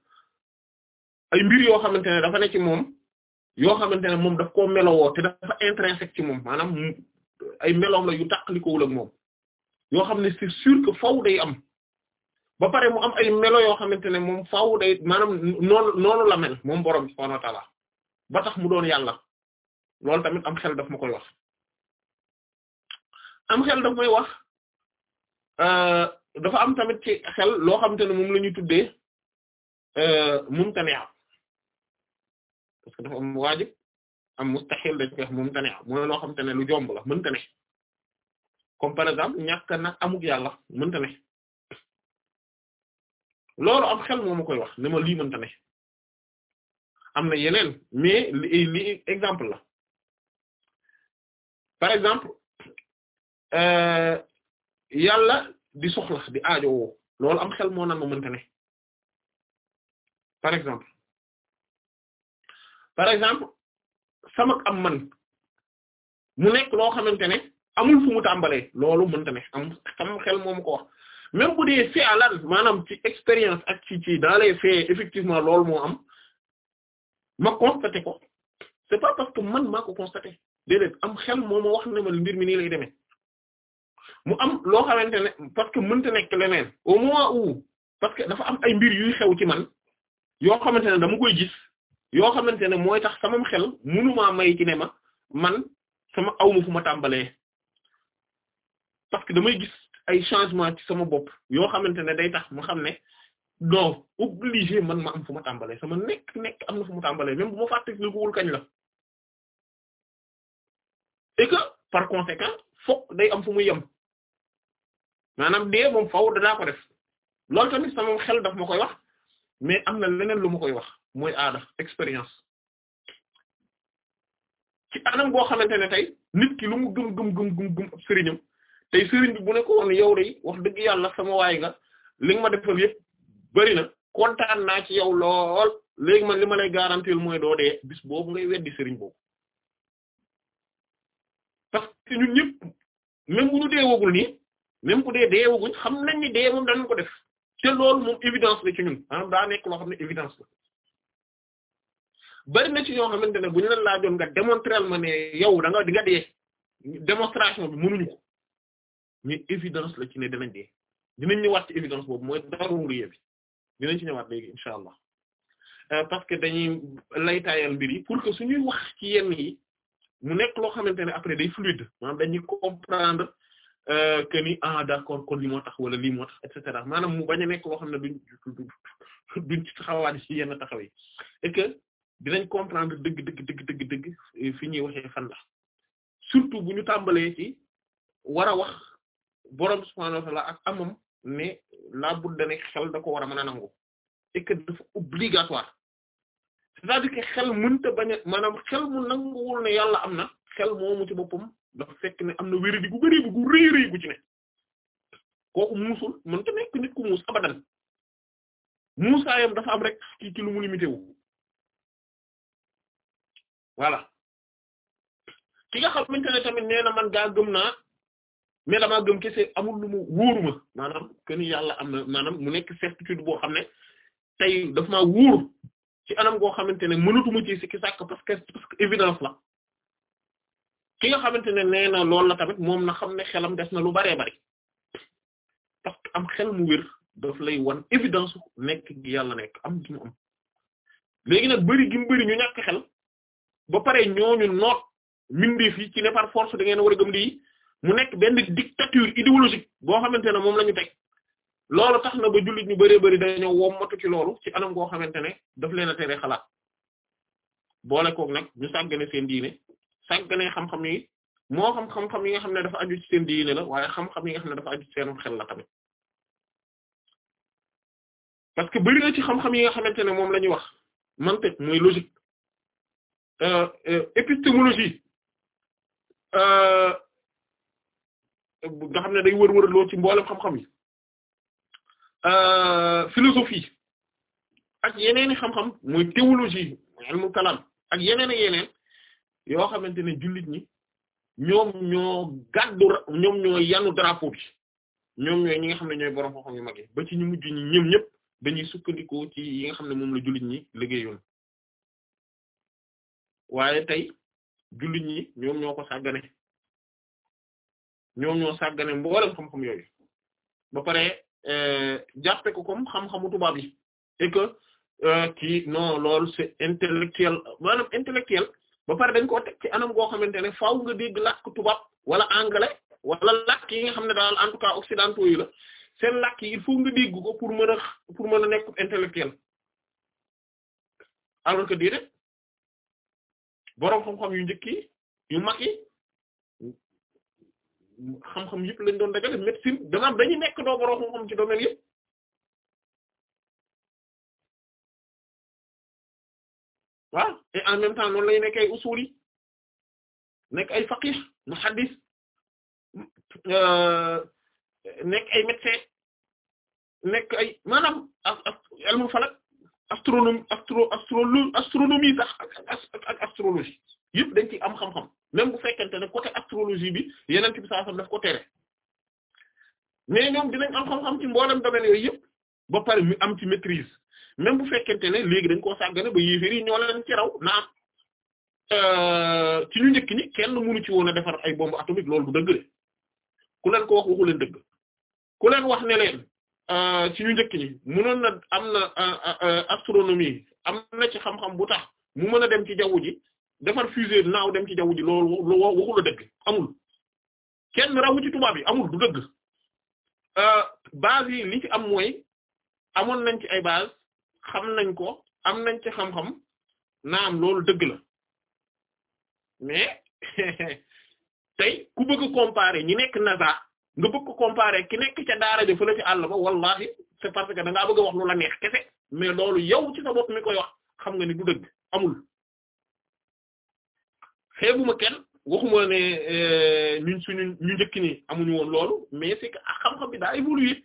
ay mbir yoo xamante ne dafa ne ci moom yoo xamante ne moom daf koo te dafa intrinsèque ci moom maanaam ay meloom yu tàqalikowul ak xam ne c'est sûr que faaw day am mu am ay melo yoo xamante ne moom faaw day maanaam noonu noonu la mel moom borom bi subhaanahu wa ba tax mu doon yàlla loolu tamit am xel daf ma koy wax am xel daf may wax euh, dafa am tamit ci xel loo xamante ne moom la ñuy tuddee euh, mumtani'a parce loo xamante ne lu jomb la mënta ne comme par exemple ñàkk nag amug yàlla mënta ne loolu am xel moo ma koy wax ne ma mënta ne na yeneen mais li exemple par exemple euh, yàlla di soxla di aajowoo loolu am xel moo naan mënta ne par exemple par exemple sama am man mu nekk loo xamante ne amul fu mu tàmbalee loolu mënta ne am xel moomu ko wax même bu dee fee alan maanaam ci expérience ak ci ci dans effectivement loolu moo am ma constaté ko c'est pas parce que man maa ko constaté déedéet am xel moo ma wax ne ma mbir mi ni lay demee mu am loo xamante ne parce que mënta nekk leneen au moment où parce que dafa am ay mbir yuy xew ci man yoo xamante ne dama koy gis yoo xamante ne mooy tax samam xel mënumaa may ci ne ma man sama awma fu ma tàmbalee parce que damay gis ay changement ci sama bopp yoo xamante ne day tax mu xam ne non obligé man ma am fu ma tàmbalee sama nekk nekk am na fu ma tàmbalee même bu ma fàttali ko wul kañ la et par conséquent fokk day am fu muy yem maanaam dee moom faaw danaa def loolu tamit sama xel daf ma koy wax mais am na leneen lu ma koy wax mooy aada expérience ci anam boo xamante ne tey nit ki lu mu gëm gëm gëm gëm tey sëriñ bi bu ne ko yow day wax dëgg yàlla sama waay nga li nga ma defal yëpp bari na kontaan naa ci yow lool léegi ma li ma lay garantir mooy doo dee bis boobu ngay weddi sëriñ boobu parce que ñun ñëpp même bu ñu nii même bu dee deewaguñ xam nañ ni dee moom danañ ko def te loolu moom évidence la ci ñun maanaam nekk loo xam ne évidence la bari ci ñoo xamante ne bu ñu la laajoon nga démontrer ma ne yow da nga di nga dee démonstration bi mënuñu ko mais évidence la ci ne danañ dee dinañ ñëwaat ci évidence boobu mooy daruriya bi dinañ ci ñëwaat léegi incha allah euh, parce que dañuy laytaayal mbir yi pour que suñuy wax ci yenn yi mu nekk loo xamante ne après day fluide maanaam dañuy comprendre Euh, que ni ah d'accord kon li moo tax wala lii moo tax et cetera maanaam mu bañ a nekk loo xam ne duñ duñ yenn taxaw yi et que comprendre dëgg dëgg dëgg dëgg dëgg fi ñuy waxee fan la surtout bu ñu tàmbalee war a wax borom subhaanahu wa ta'ala ak amam ne laa budda ne xel da ko war a mën a nangu et que obligatoire c'est-à-dire que xel mënta bañ a maanaam xel mu nanguwul ne yàlla am na xel moomu ci boppam dafa fekk ne am na wéradi gu bu gu rëy rëy gu ci ne kooku muusul mën ta nekk ku muus abadan muusaayam dafa am rek ci lu mu limité wu voilà ki nga xamante ne tamit nee na man gaa gëm naa mais damaa gëm kese amul lu mu wóoru ma maanaam yàlla am na maanaam mu nekk certitude boo xam ne tey dafa maa ci anam goo xamante ne mënatuma ci sikki sàkk parce évidence la ki nga xamante ne nee na loolu la tamit moom na xam ne xelam des na lu baree bari parce que am xel mu wér daf lay wan évidence nekk yàlla nekk am léegi nag bëri gi mu ñu ñàkk xel ba pare ñooñu noot mbindeef yi ci ne par force da ngeen war a gëm di mu nekk benn dictature idéologique boo xamante ne moom lañu ñu teg loolu tax na ba jullit ñu bëree bari dañoo wommatu ci loolu ci anam goo xamante ne daf leen a tere xalaat boole koog nag ñu sàggane seen diine sàgganee xam-xam yi moo xam xam-xam yi nga xam ne dafa aju ci diine la waaye xam-xam yi xam ne dafa aju ci seen xel la tamit parce que bari na ci xam-xam yi nga xamante ne moom la ñuy wax mantiq mooy logique euh, euh, épistémologie euh, nga xam ne day wër-wër loo ci mboolem xam-xam philosophie ak yeneeni i xam-xam mooy théologie ilmu kalam ak yeneen ak yeneen yoo xamante ne jullit ñi ñoom ñoo gàddu ñoom ñoo yanu drapeau bi ñoom ñooy ñi nga xam ne ñooy borom xam-xam yu mag ba ñu mujj ñi ñoom ñëpp dañuy sukkandikoo ci yi nga xam ne moom la jullit ñi liggéeyoon waaye tey jullit ñi ñoom ñoo ko sàggane ñoom ñoo sàggane mboolem xam-xam yooyu ba pare euh, jàppe ko comme xam-xamu tubaab et que euh, kii no lool c'est intellectuel maanaam ba pare dañ koo teg ci anam goo xamante ne faaw nga dégg làkk tubaab wala anglais wala làkk yi nga xam ne daal en tout cas occidentaux la seen làkk yi il faut dégg ko pour mën a pour mën a nekk intellectuel alors que di rek boroom xam-xam yu njëkk yu mag yi xam-xam yëpp lañ doon dajale médecine dama dañuy nekk doo boroom xam-xam ci domaine yëpp waaw et en même temps noonu lay nekk ay usul yi nekk ay faqih muhaddis euh, nekk ay médecin nekk ay maanaam ilmu falak astronome astro astrolo astronomie sax ak ak astrologie yëpp dañ ci am xam-xam même bu fekkente ne côté astrologie bi yeneen bi saa sam daf ko tere mais ñoom am xam-xam ci mboolem domaine yooyu yëpp ba pare mi am même bu fekkente ne léegi dañ koo sàggane ba yéeféer yi ñoo leen ci raw a euh, ci ñu njëkk ñi kenn mënu ci woon a defar ay bombe atomique loolu du dëgg de ku leen ko wax waxu leen dëgg ku leen wax ne leen euh, ci ñu njëkk ñi mënoon a am na euh, astronomie am na ci xam-xam bu tax mu mën a dem ci jaww ji defar fusée naaw dem ci jaww ji loolu waxu dëgg amul kenn rawu ci tubaab yi amul du dëgg base yi li ci am mooy amoon nañ ci ay base xam nañ ko am nañ ci xam-xam naam loolu dëgg la mais tey ku bëgg comparer ñi nekk NASA nga bëgg comparer ki nekk ca daara ja fële ci àll ba wallahi c'est parce que da ngaa a wax lu la neex kese mais loolu yow ci sa mi koy wax xam nga ni du dëgg amul xeebuma kenn waxuma ne euh, ñun suñu ñu njëkk ni amuñu woon loolu mais c'est que xam-xam bi daa évoluer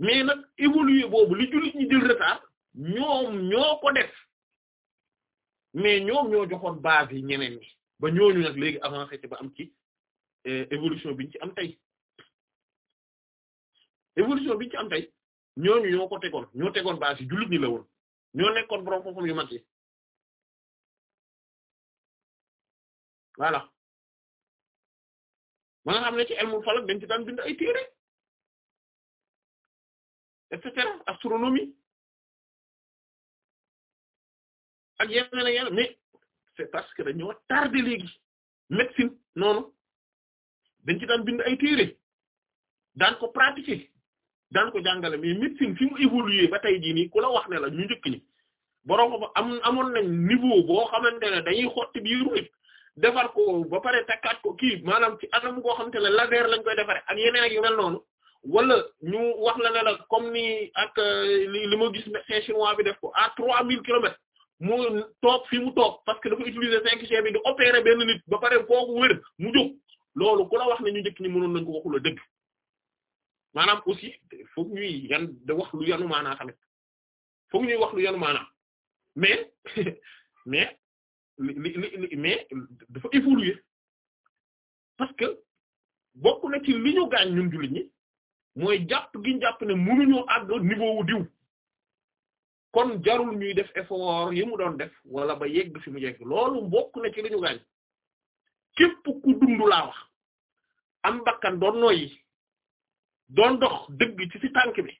mais nag évoluer boobu li jullit ñi jël ñoom ñoo ko def mais ñoom ñoo joxoon base yi ñeneen ba ñooñu nag léegi avancé ci ba am ci euh, évolution biñ ci am tey évolution biñ ci am tey ñooñu ñoo ko tegoon ñoo tegoon base yi ñi la woon ñoo nekkoon borom foofu yu mag yi ma nga xam ne ci elmul falak dañ ci daan bind ay téere et cetera astronomie ak yeneen ak yeneen mais c'est parce que dañoo tardé léegi médecine noonu dañ ci daan bind ay téere daan ko pratiquer daan ko jàngale mais médecine fi mu évoluer ba tey jii nii ku la wax ne la ñu njëkk ñi borom ba am amoon nañ niveau boo xamante ne dañuy xotti biiru nit defar ko ba pare takkaat ko kii maanaam ci anam goo xamante ne laser lañ koy defaree ak yeneen ak yu mel noonu wala ñu wax la ne comme ni ak euh, li ma gis médecin chinois bi def ko à trois mille kilomètres mu toog fi mu toog parce que dafa utiliser 5G bi di opérer benn nit ba pare kooku wér mu jóg loolu ku la wax ne ñu njëkk ñi mënoon nañ ko waxula dëgg maanaam aussi foog ñuy yan da wax lu yanu maanaa tamit foog ñuy wax lu yanu maanaa mais mais li li li mais dafa évoluer parce que bokk na ci li ñu gaañ ñun mooy jàpp gi ñu jàpp ne mënuñoo àgg niveau wu diw kon jarul ñuy def effort yi mu doon def wala ba yegg fi mu yegg loolu bokk na ci li ñu gaañ képp ku dund laa wax am bakkan doon noyyi doon dox dëgg ci ci tànk bi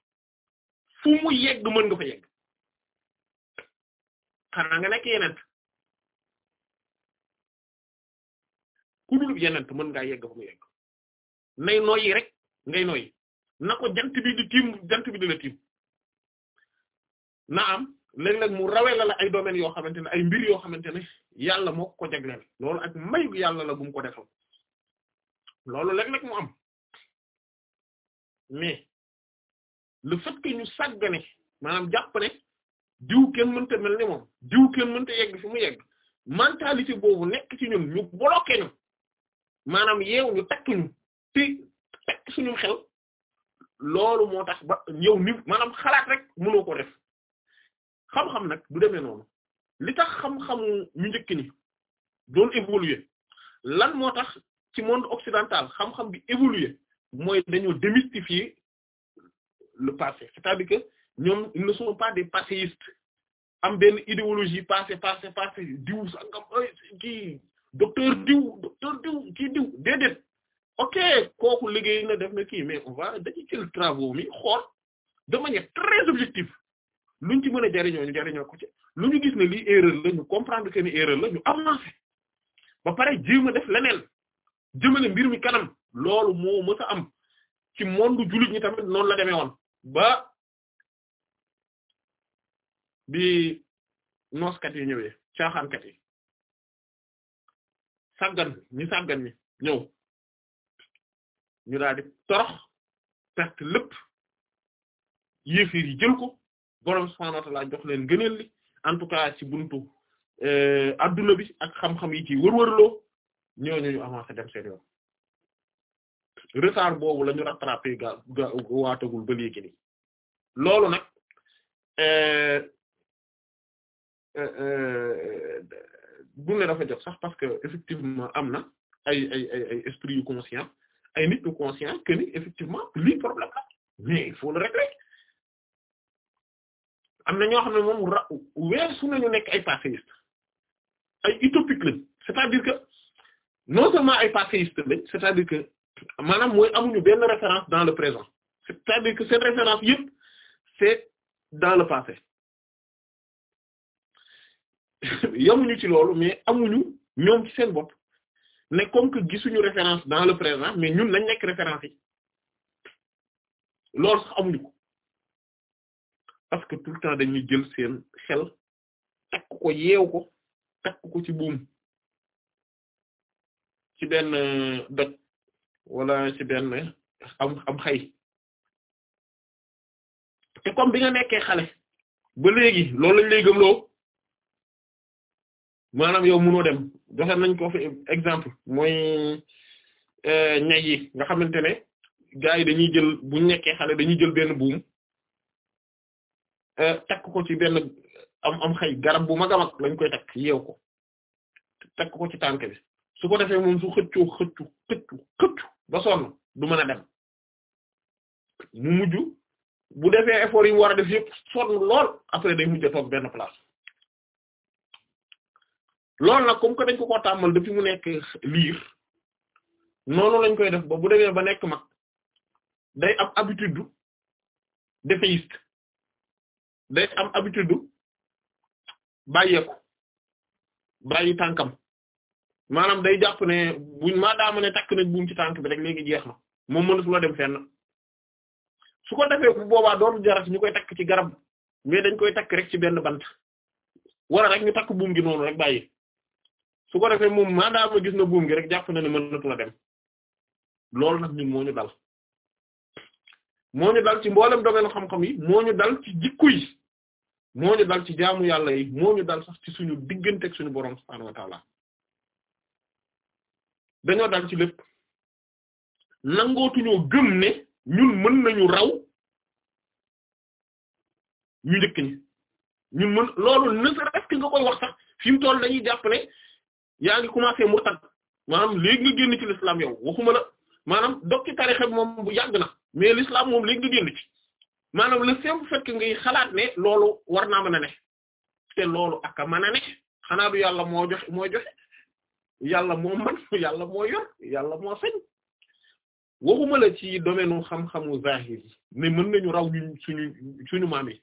fu mu yegg mën nga fa yegg xanaa nga nekk yeneen ku dul yeneen mën ngaa yegg fa mu yegg nay noyyi rek ngay noyyi na jant bi di tiim jant bi la tiim na am léeg-léeg mu rawee la ay domaines yoo xamante ne ay mbir yoo xamante ne yàlla moo ko jagleel loolu ak may yàlla la bu ko defal loolu léeg-léeg mu am mais le fait que ñu sàggane maanaam jàpp ne diw kenn mënta mel ni moom diw kenn mënta yegg fi mu yegg mentalité boobu nekk ñun ñu bloqué ñu maanaam yeew ñu takk ñu te takk suñu xel loolu moo tax ba yow ni maanaam xalaat rek mënoo ko def xam-xam nag du demee noonu li tax xam-xamu ñu njëkk ni doon évoluer moo tax ci monde occidental xam-xam bi évoluer mooy dañoo démystifier le passé c'est-à-dire que ñoom ne sont pas des passéistes am benn idéologie passé passé passé diw sangam ay euh, kii docteur diw docteur diw kii diw déedéet kooku liggéey na kii mais on va dañuy jël travaux mi xool de manière très objective luñ ci mën a jariñoo ñu jariñoo ko ci lu ñu gis ne erreur la ñu comprendre que erreur la ñu avancer ba pare jéem a def leneen jëmale mbir mi kanam loolu moo mës a am ci monde jullit ñi tamit noonu la demee woon ba bi nooskat yi ñëwee caaxaankat yi sàggan ñi sàggan ñi ñëw ñu daal di torox perte lépp yéefir yi jël ko borom subhaanahu wa ta'aala jox leen gëneel li en tout cas ci buntu euh, adduna bi ak xam-xam yi ci wërwërloo ñooñu ñu avancé dem seen yoon retard boobu la ñu rattrapé ga ga waatagul ba léegi nii loolu nag bu euh, euh, ne dafa jox sax parce que effectivement am ay ay ay esprit yu conscient ay nit ñu conscience que ni effectivement lii problème la mais il faut le régler am na ñoo xam ne moom ra weesu nañu nekk ay passéistes ay utopiques lañ c'est-à-dire que non seulement ay passéistes lañ c'est-à-dire que maanaam mooy amuñu benn référence dans le présent c'est-à-dire que seen référence yëpp c'est dans le passé yamuñu ci loolu mais amuñu ñoom ci seen bopp ne comme que gisuñu référence dans le présent mais ñun nañ nekk référence yi loolu sax amuñu parce que tout temps dañuy jël seen xel takk ko yeew ko takk ko ci buum ci benn euh, doj wala ci benn am am xay te comme bi nga nekkee xale ba léegi loolu lañ lay gëmloo maanaam yow mënoo dem joxe nañ ko fi exemple mooy euh, ñay yi nga xamante ne gars yi dañuy jël bu nekkee xale dañuy jël benn buum euh, takk ko ci benn am am xëy garab bu mag a lañ koy takk yeew ko takk ko ci tànk bi su ko defee moom su xëccoo xëccu ba sonn du mën a dem mu mujj bu defee effort yi mu war a def yëpp sonn lool après day mujj a toog benn place loolu nag comme que dañ ko ko tàmmal depuis mu nekk liir noonu lañ koy def ba bu demee ba nekk mag day am habitude du défailliste day am habitude du bàyyeeku bàyyi tànkam maanaam day jàpp ne buñ maa daama ne takk nañ buum ci tànk bi rek léegi jeex na moom mënatu la dem fenn su ko defee bu boobaa doon jaras ñu koy takk ci garab mais dañ koy takk rek ci benn bant wala rek ñu takk buum gi noonu rek bàyyi su ko defee moom maanaam gis na buum gi rek jàpp na ne mënatu la dem loolu nag ñun moo ñu dal moo ñu dal ci mboolem domaine xam-xam yi moo ñu dal ci jikku yi moo ñu dal ci jaamu yàlla yi moo ñu dal sax ci suñu diggante suñu boroom subhaanahu wa dañoo dal ci lépp nangootuñoo gëm ne ñun mën nañu raw ñu njëkk ñi ñun mën loolu ne serait nga koy wax sax fi mu dañuy jàpp ne yaa ngi commencé murtad maanaam léegi nga génn ci l'islam yow waxuma la maanaam dog ci tarixa bi moom bu yàgg na mais l'islam moom léegi nga génn ci maanaam le simple fait que ngay xalaat ne loolu war naa a ne te loolu ak a ne xanaa du yàlla moo joxe moo joxe yàlla moo man yàlla moo yor yàlla moo sañ waxuma la ci domaine xam-xamu zahir ne mën nañu raw ñu suñu suñu maam yi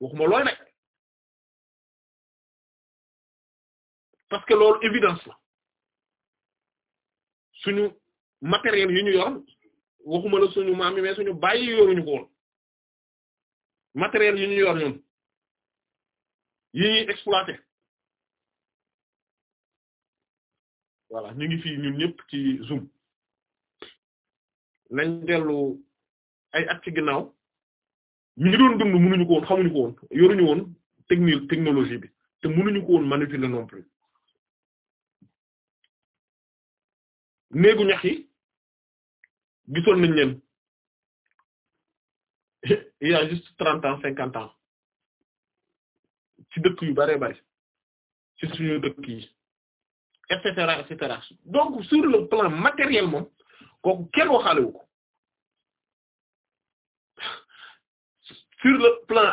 waxuma looy nag parce que loolu évidence la suñu matériel yi ñu yor waxuma la suñu maam yi mais suñu bàyyi yoruñu ko woon matériel yi ñu yor yi ñuy exploiter ñu ngi fii ñun ñëpp ci zoom nañ dellu ay at ci ginnaaw ñu ngi doon dund mënuñu ko woon xamuñu ko woon yoruñu woon technologie bi te mënuñu ko woon manipuler non plus néegu ñax yi gisoon nañ leen juste trente ans cinquante ans ci dëkk yu bare bare ci suñu dëkk yi et cetera et cetera donc sur le plan matériel moom kenn waxaale wu ko sur le plan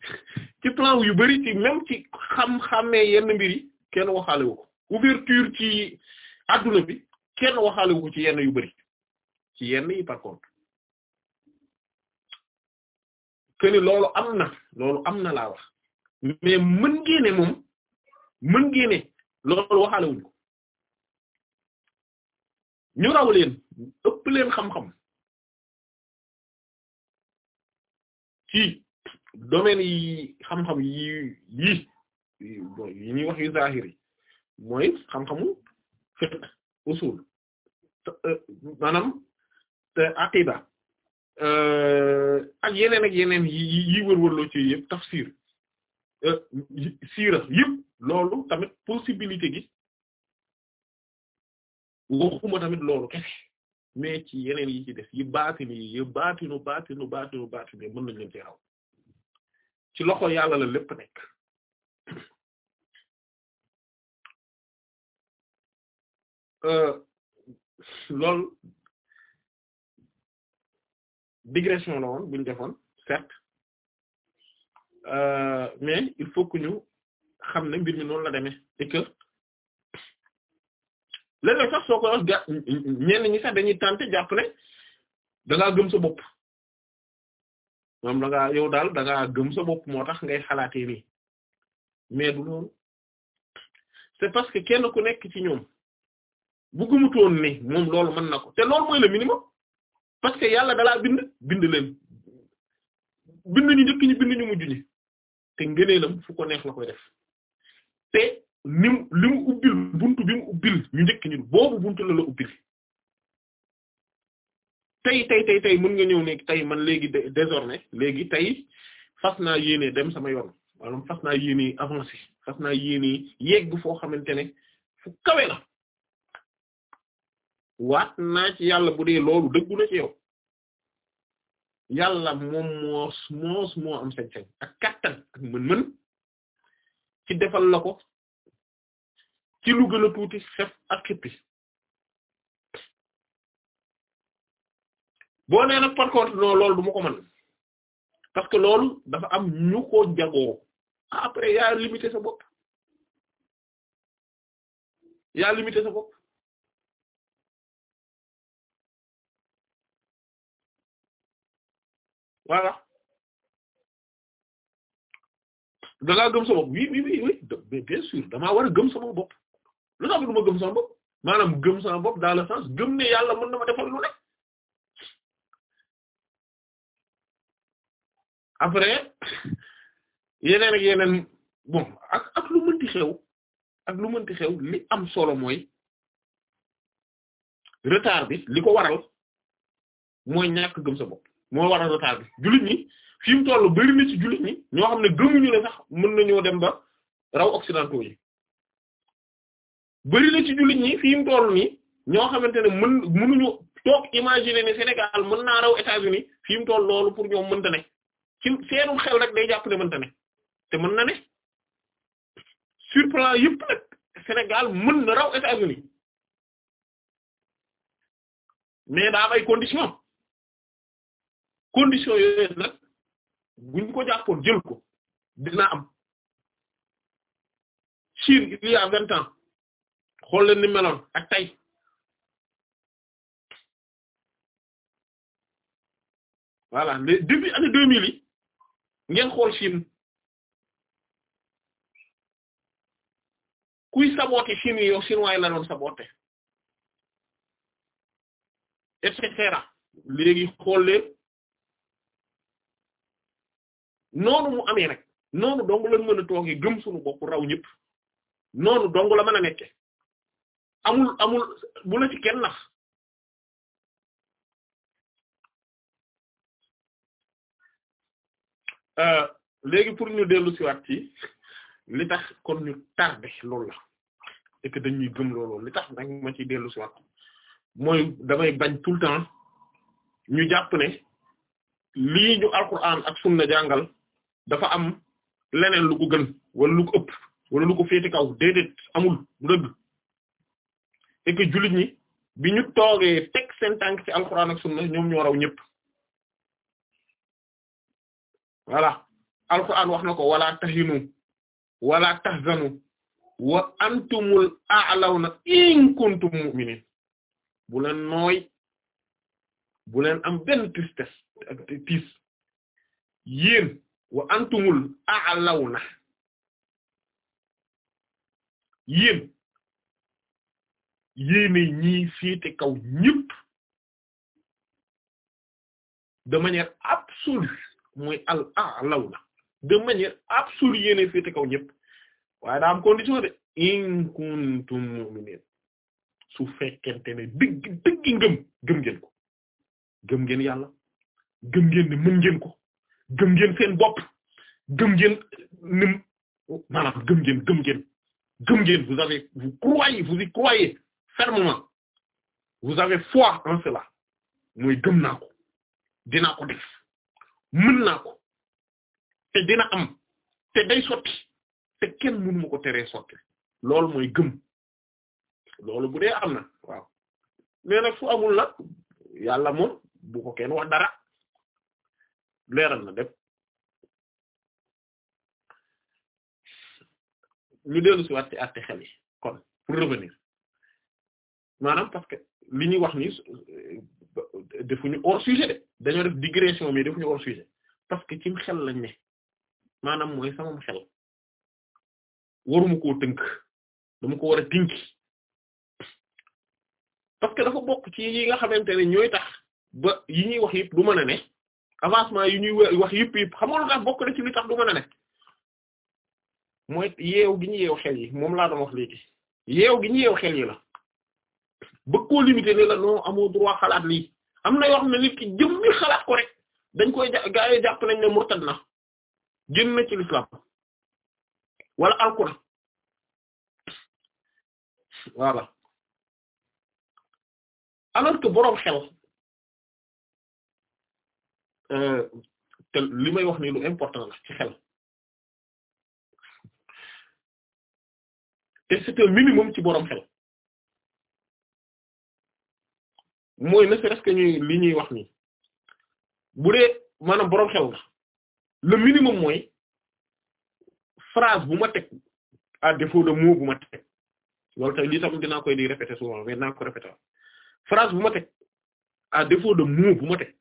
ci plan yu bari ci même ci xam-xamee yenn mbir yi kenn waxaale wu ko ouverture ci adduna bi kenn waxaale ci yenn yu bari ci yenn yi par contre que loolu am na loolu am na laa wax mais mën ngeen ne loolu waxaale ñu raw leen ëpp xam-xam ci domaine yi xam-xam yi yi yi ñuy wax mooy xam-xamu usul euh, maanaam aqida euh, ak yeneen ak yeneen yi yi wër-wërloo ci yëpp tafsir euh, siira yëpp loolu tamit possibilité gi waxuma tamit loolu kese mais ci yeneen yi ci def yi baatini yi baatinu baatinu baatinu baatinu mën nañ leen ci raw ci loxo yàlla la lépp nekk Euh, lool digression la woon buñ defoon certes euh, mais il faut que xam ne mbir mi la demee et que léeg-léeg sax soo ko wax ga ñenn ñi sax dañuy tenter jàpp ne da ngaa gëm sa bopp moom daal da ngaa gëm sa tax ngay xalaatee nii mais du loolu c'est parce que kenn ku nekk ci ñoom bu gëmutoon ne moom loolu mën na ko te loolu mooy le minimum parce que yàlla dalaa bind bind leen bind ñu njëkk ñi bind ñu mujj ñi te ko neex koy def ñu boobu buntu la la ubbil tey tey tey tey nga ñëw ne tey man léegi désormais léegi tey fas naa yéene dem sama yoon maanaam fas naa yéene avancer fas naa yéene yegg foo xamante ne fu kawe waat naa ci yàlla bu dee loolu dëggu ci yow yàlla moom moos moos moo am sañ-sañ ak kattan ak mën-mën ci defal la ko ci lu gën a tuuti xef ak xippi boo nee nag par contre non loolu du ko mën parce que loolu dafa am ñu ko jagoo après yaa limité sa bopp yaa limité sa bopp voilà da ngaa gëm sa bopp oui oui bien sûr damaa war a gëm sama bopp lu tax du ma gëm sama bopp maanaam gëm dans le sens gëm ne yàlla mën na ma defal lu ne après yeneen ak bon ak ak xew ak lu xew li am solo mooy retard bi li ko waral mooy ñàkk gëm sa bopp. moo waral retard bi jullit ñi fi mu ci jullit ñi ñoo xam ne gëmuñu sax mën nañoo dem ba raw occidentaux yi ñoo xamante ne mën mënuñu toog imaginer ne Sénégal mën naa raw États-Unis fi mu toll loolu pour ñoom mënta ne ci seenum xel rek day jàpp ne mënta te mën na ne sur plan yëpp Sénégal mën na raw États-Unis mais daa am ay condition yooyu nag buñ ko jàppoon jël ko dina am Chine il y vingt ans xool leen ni meloon ak tey voilà les deux mille yi ngeen xool Chine kuy saboté Chine yi yow chinois yi la doon saboté et cetera léegi xool leen noonu mu amee nag noonu dong lañ mën a toogee gëm suñu bopp raw ñëpp noonu dong la nekke amul amul bu la ci kenn nax euh, léegi pour ñu dellu siwaat ci li tax kon ñu tardé loolu la et que dañuy gëm loolu li tax nag ma ci dellu siwaat mooy damay bañ tout le temps ñu jàpp ne lii ñu alquran ak sunna jàngal dafa am leneen lu ko gën wala lu ko ëpp wala lu ko féete kaw déedéet amul du dëgg et que jullit bi ñu toogee teg ci alxuraan ak sunna ñoom ñoo raw ñëpp alxuraan wax ko wala tahinu wala tahzanu wa antumul a'lawna in kuntum mu'minin bu leen nooy bu leen am benn tristesse ak tiis yéen wa antumul a'lawna yéen yéenay ñii féete kaw ñëpp de manière absolue mooy al a'lawna de manière absolue yéenay féete kaw ñëpp waaye daa am condition de in kuntum mu'minin su fekkente ne dëgg dëgg ngëm gëm ngeen yàlla gëm ngeen ne mën ngeen ko gëm ngeen seen bopp gëm ngeen nim maanaam gëm ngeen gëm ngeen gëm ngeen vous avez vous croyez vous fermement vous avez foi en cela mooy gëm naa ko dinaa ko def mën naa ko te dina am te day sotti te kenn mënu ma teree sotti loolu muy gëm loolu bu dee am na waaw mais nag fu amul nag yàlla bu ko kenn wax dara leeral na lépp ñu dellu si waat ci àtte xel yi kon pour revenir maanaam parce que li ñuy wax ni defuñu hors sujet de dañoo def digression mais defuñu hors sujet parce que cim xel lañ ne maanaam mooy samam xel waruma koo tënk dama ko war a tinki dafa bokk ci yi nga xamante ne ñooy tax ba yi ñuy du mën a ne avancement yi ñuy wax yëpp yëpp xam nga lu tax bokk na ci li du mën a nekk mooy yeew gi ñu yeew xel yi moom laa doon wax léegi yeew gi ñu yeew xel yi la bëgg koo limité ne la non amoo droit xalaat lii am na yoo xam ne nit ki jëmmi xalaat ko rek dañ koy gaa nañ ne murtad na génn na ci l'islam wala alquran voilà alors que boroom xel Euh, te li may wax ni lu important ci xel te c'est minimum ci boroom xel mooy ne c'est que li ñuy wax nii bu dee maanaam boroom xel nga le minimum mooy phrase bu ma teg à défaut de mot bu teg loolu tam dinaa koy di répéter souvent mais naa ko répéter phrase bu teg à défaut de mot bu teg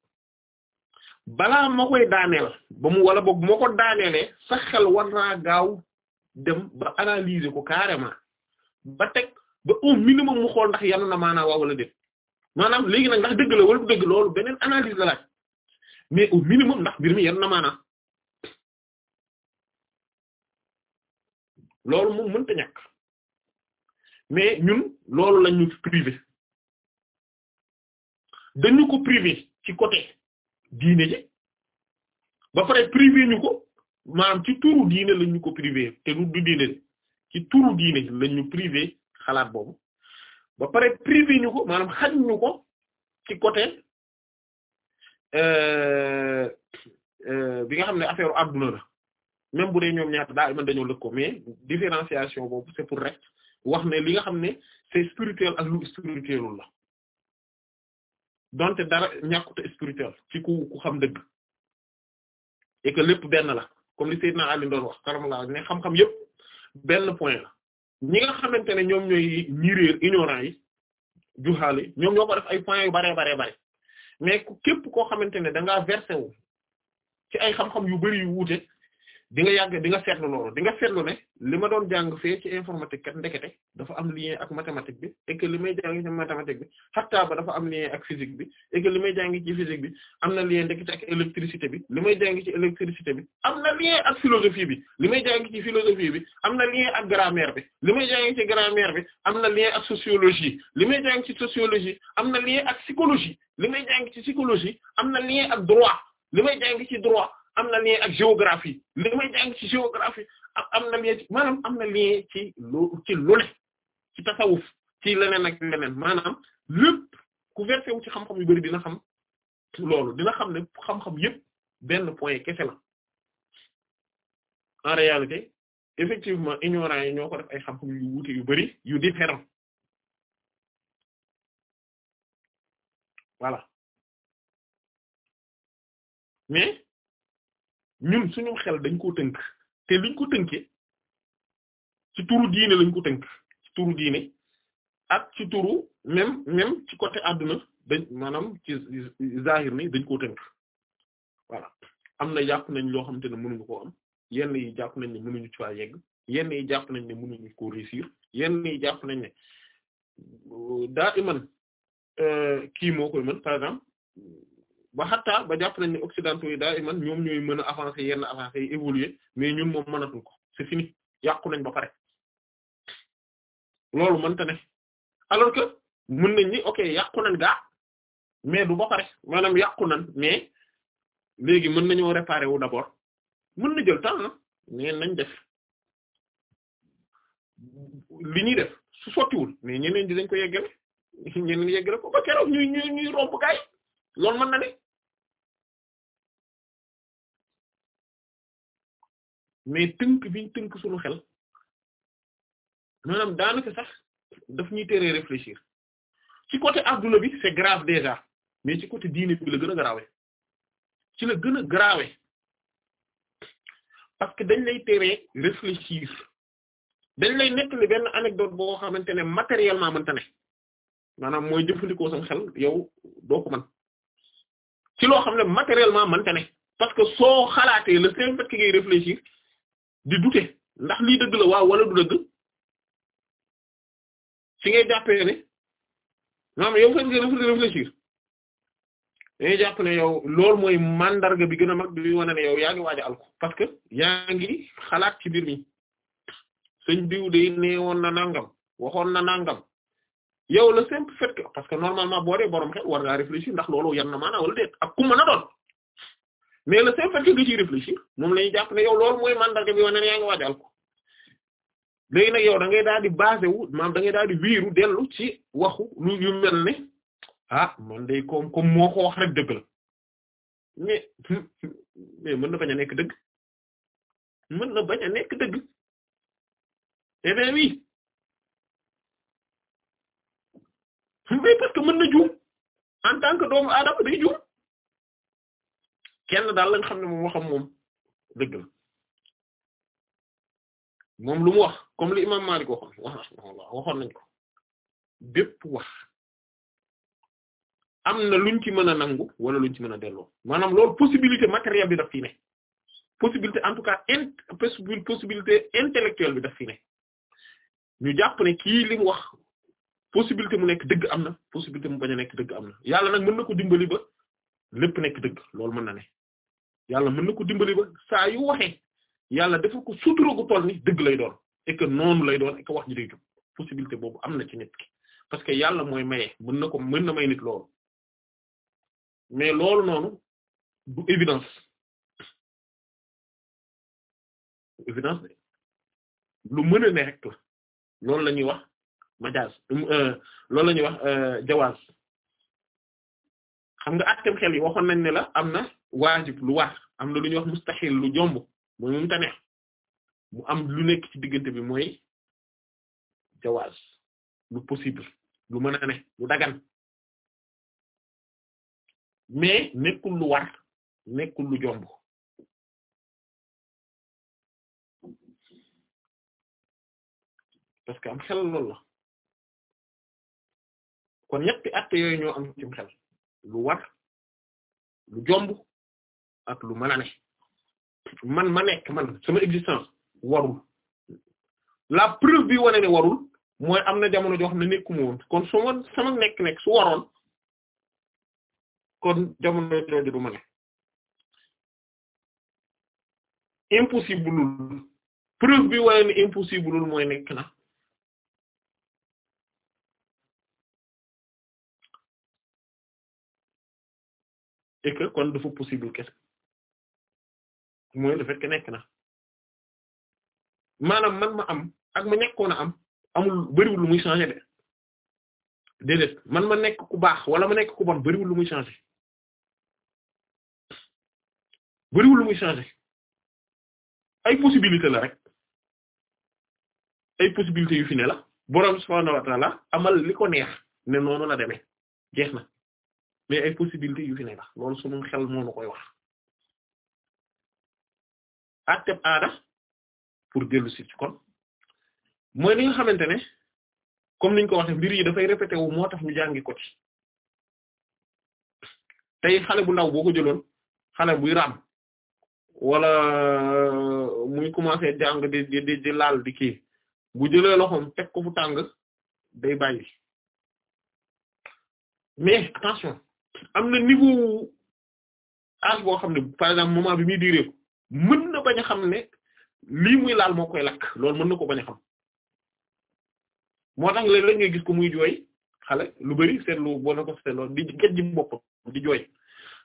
balaa ma koy daaneel ba mu wala boog moo ko daaneelee sa xel war naa gaaw dem ba analyser ko carrément ba teg ba au minimum mu xool ndax yanu na maanaa waaw wala déet maanaam léegi nag ndax dëgg la wala bu dëgg loolu beneen analyse la laaj mais au minimum ndax mbir mi yanu na maanaa loolu moom mënta ñàkk mais ñun loolu lañu privé dañu ko privé ci côté diine ji ba pare privé ñu ko ci turu diine lañ ñu ko privé te du diine ci turu diine ji lañ ñu privé xalaat boobu ba pare privé ñu ko maanaam xaj ci côté euh, euh, bi nga xam ne affaire adduna la même bu dee ñoom ñaata daa mën dañoo lëkkoo mais différenciation boobu c'est pour rek wax ne li nga xam ne c'est spirituel ak lu spirituelul la donte dara ñàkkute spirituel ci ku xam dëgg et lépp benn la comme li Seydina Ali doon wax karamalaa ne xam-xam yëpp benn point la ñi nga xamante ne ñoom ñooy ñi réer ignorant yi juxaale ñoom ñoo ko def ay point yu baree baree bare mais képp koo xamante ne da ngaa versé wu ci ay xam-xam yu bari yu wuute di nga yàgg di nga seetlu loolu di nga seetlu ne li ma doon jàng fee ci informatique kat ndekete dafa am lien ak mathématique bi et que li may jàng ci mathématique bi xattaa ba am lien ak physique bi li may jàng ci physique bi am na lien ndekete ak électricité bi li may jàng ci électricité bi am na lien ak bi li may jàng ci philosophie bi am na lien ak grammaire bi li may jàng ci grammaire bi am na lien ak sociologie li may jàng ci sociologie am na lien ak psychologie li may jàng ci psychologie am na lien ak droit li may jàng ci droit am na lien ak géographie li may jàng ci géographie am na lien ci maanaam am na lien ci lu ci lu ci tasawuf ci leneen ak leneen maanaam lépp ku versé wu ci xam-xam yu bari dina xam loolu dina xam ne xam-xam benn point kese la en yi ñoo ko yu wuute yu bari yu différent voilà mais ñun suñu xel dañ ko tënk te liñ ko tënkee ci turu diine lañ ko tënk ci turu diine ak ci turu même même ci côté dañ maanaam ci zahir ni dañ ko tënk voilà am na jàpp nañ loo xamante ne mënuñu koo am yenn yi jàpp nañ ne mënuñu ci faa yegg yenn yi jàpp nañ ne mënuñu koo réussir yenn yi jàpp nañ ne euh, daa iman euh, kii moo koy mën par exemple ba xattaa ba jàpp nañ ne occidentaux yi daa iman ñoom ñooy mën a avancer yenn avancées yi évoluer mais ñun moom mënatul ko fini yàqu nañ ba pare loolu mënta ne alors mun nañ ni ok yàqu nañ gaa mais du ba pare maanaam yàqu nañ mais léegi mën nañoo réparer wu d'abord mën na jël temps mais nañ def li ñuy def su sottiwul mais ñeneen di dañ ko yeggale ñeneen ñuy ñuy ñuy romb gaay loolu mën na ne mais tënk biñ tënk suñu xel maanaam daanaka sax daf ñuy teree réfléchir ci côté adduna bi c'est grave déjà mais ci côté diine bi la gën a grave ci la gën a parce que dañ lay teree réfléchir dañ lay nettali benn anecdote boo xamante ne matériellement mënta ne maanaam mooy jëfandikoo sam xel yow doo ko ci loo xam ne matériellement mënta ne parce que soo xalaatee le simple fait que ngay di dute ndax lii dëgg la waaw wala du dëgg fi ngay jàppee ne maanaam yow fekk nga réfléchir dañuy jàpp ne yow lool mooy mandarga bi gën a mag bi wane ne yow yaa ngi waaj a alku parce que yaa ngi xalaat ci mbir mi sëñ diw de nee woon na nangam waxoon na nangam yow le simple fait que parce que normalement boo dee borom xel war ngaa réfléchir ndax loolu yan na maanaam wala déet ak ku mën a doon. mais le seul fait que nga ciy réfléchir moom la ñuy jàpp ne yow loolu mooy mandarga bi wane ne yaa ngi waajal ko léegi nag yow da ngay daal di basé wu maanaam da daal di wiiru dellu ci waxu lu yu mel ne ah man day comme comme moo ko rek dëgg la mais mais na bañ a nekk dëgg na bañ a nekk dëgg eh bien oui parce que mën na juum en tant que doomu aadama day juum. kenn daal lañ xam ne moom waxam moom dëgg moom lu mu wax comme li imam Malik waxoon waxoon nañ ko bépp wax am na luñ ci mën a nangu wala luñ ci mën a delloo maanaam loolu possibilité matérielle bi daf possibilité en tout cas in possibilité intellectuelle bi daf fi ne ñu jàpp ne kii wax possibilité mu nekk dëgg am na possibilité mu bañ a nekk dëgg am na yàlla nag mën na ko dimbali ba lépp nekk dëgg loolu mën na ne yàlla mën na ko dimbali ba saa yu waxee yàlla lay doon et que lay doon et que wax ji day possibilité boobu am na ci parce que yàlla mooy maye mën na ko mën na may nit loolu mais loolu noonu du évidence évidence lu mën a ne rek la loolu la ñuy wax majaas euh, loolu la ñuy wax euh, jawaas xam nga àtteem xel yi waxoon la am na waajib lu war am na lu ñuy mustaxil lu jomb mooy moom tane mu am lu nekk diggante bi mooy jawaaz lu possible lu mën a ne lu dagan mais nekkul lu war nekkul lu jomb parce que am xel loolu la kon ñetti àtte yooyu ñoo am ci xel. lu war lu jomb ak lu mën man ma nekk man sama existence warul la preuve bi wane warul mooy am na jamono joo xam ne kon su sama nekk-nekk su waroon kon jamono jooju du ma ne impossible bi wane ne mooy nekk na et que kon dafa possible kese mooy le fait nekk na maanaam man ma am ak ma nekkoon a am amul bariwul lu muy changer de déedéet man ma nekk ku baax wala ma nekk ku bon bariwul lu muy changer bariwul lu muy changer ay possibilité la rek ay possibilité yu fi ne la boroom subhaanahu wa ta'ala amal li ko neex ne noonu la demee jeex na mais ay possibilités yu fi ne la loolu sunu xel moo la koy wax atteb aada pour dellu si kon mooy li nga xamante ne comme niñ ko waxee mbir yi dafay répété wu moo tax ñu jàngi ko ci xale bu ndaw boo ko jëloon xale buy raam wala euh, muy commencé jàng di di di laal di kii bu jëlee loxoom teg ko fu tàng day bàyyi mais attention am na niveau âge boo xam ne par exemple moment bi muy diiree ko mën na bañ xam ne lii muy laal moo koy lakk loolu mën na ko bañ a xam moo tax léeg-léeg ngay gis ko muy jooy xale lu bari seetlu boo na ko seetloo di gàjji boppam di jooy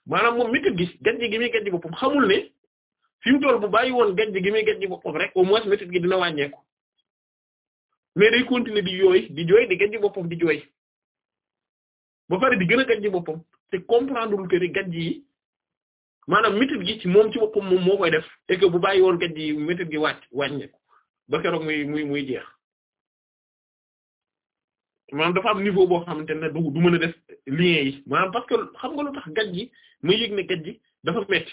maanaam moom métti gi gàjji gi muy boppam xamul ne fi mu toll bu bàyyi woon gàjji gi muy gàjji boppam rek au moins métti gi dina wàññeeku mais day continuer di jooy di jooy di gàjji boppam di jooy ba pare di gën a gàjji boppam. te comprendre lul que yi maanaam métit gi moom ci boppam moom moo koy def et bu bàyyi woon gàjj yi métit gi wàcc wàññeeku ba keroog muy muy muy jeex maanaam dafa am niveau boo xamante ne du du mën a def lien yi maanaam parce que xam nga lu tax gàjj gi yëg ne gàjj dafa metti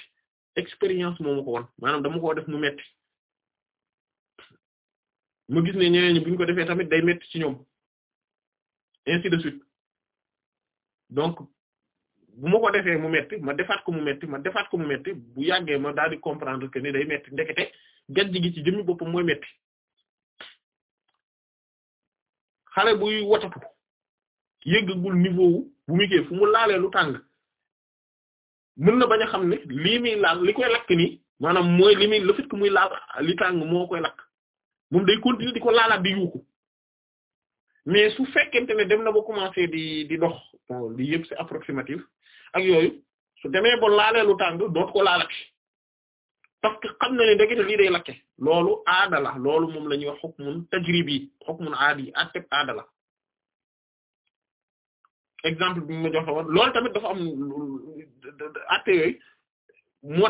expérience moo ma won maanaam dama koo def mu metti ma gis ne ñeneen ñi bu ñu ko defee tamit day metti ci ñoom ainsi de suite donc bu ma ko defee mu metti ma defaat ko mu metti ma defaat ko bu yàggee ma daal di comprendre que ni day metti ndekete gàncax gi ci jëmmi boppam mooy metti xale buy watatu yëggagul niveau bu mu kii fu mu laalee lu tàng mën na bañ a xam ne lii muy laal li koy lakk nii maanaam mooy li muy le fait muy laal li tàng moo koy lakk moom day continuer di ko laalaat di yuuku mais su fekkente ne dem na ba commencer di di dox bon yëpp c'est approximatif ak yooyu su demee ba laalee lu doot ko laalati parce que xam na ne ndekete lii day lakke loolu aada la loolu moom la ñuy wax hukmun tajribi hukmun aadi atteb aada la exemple bi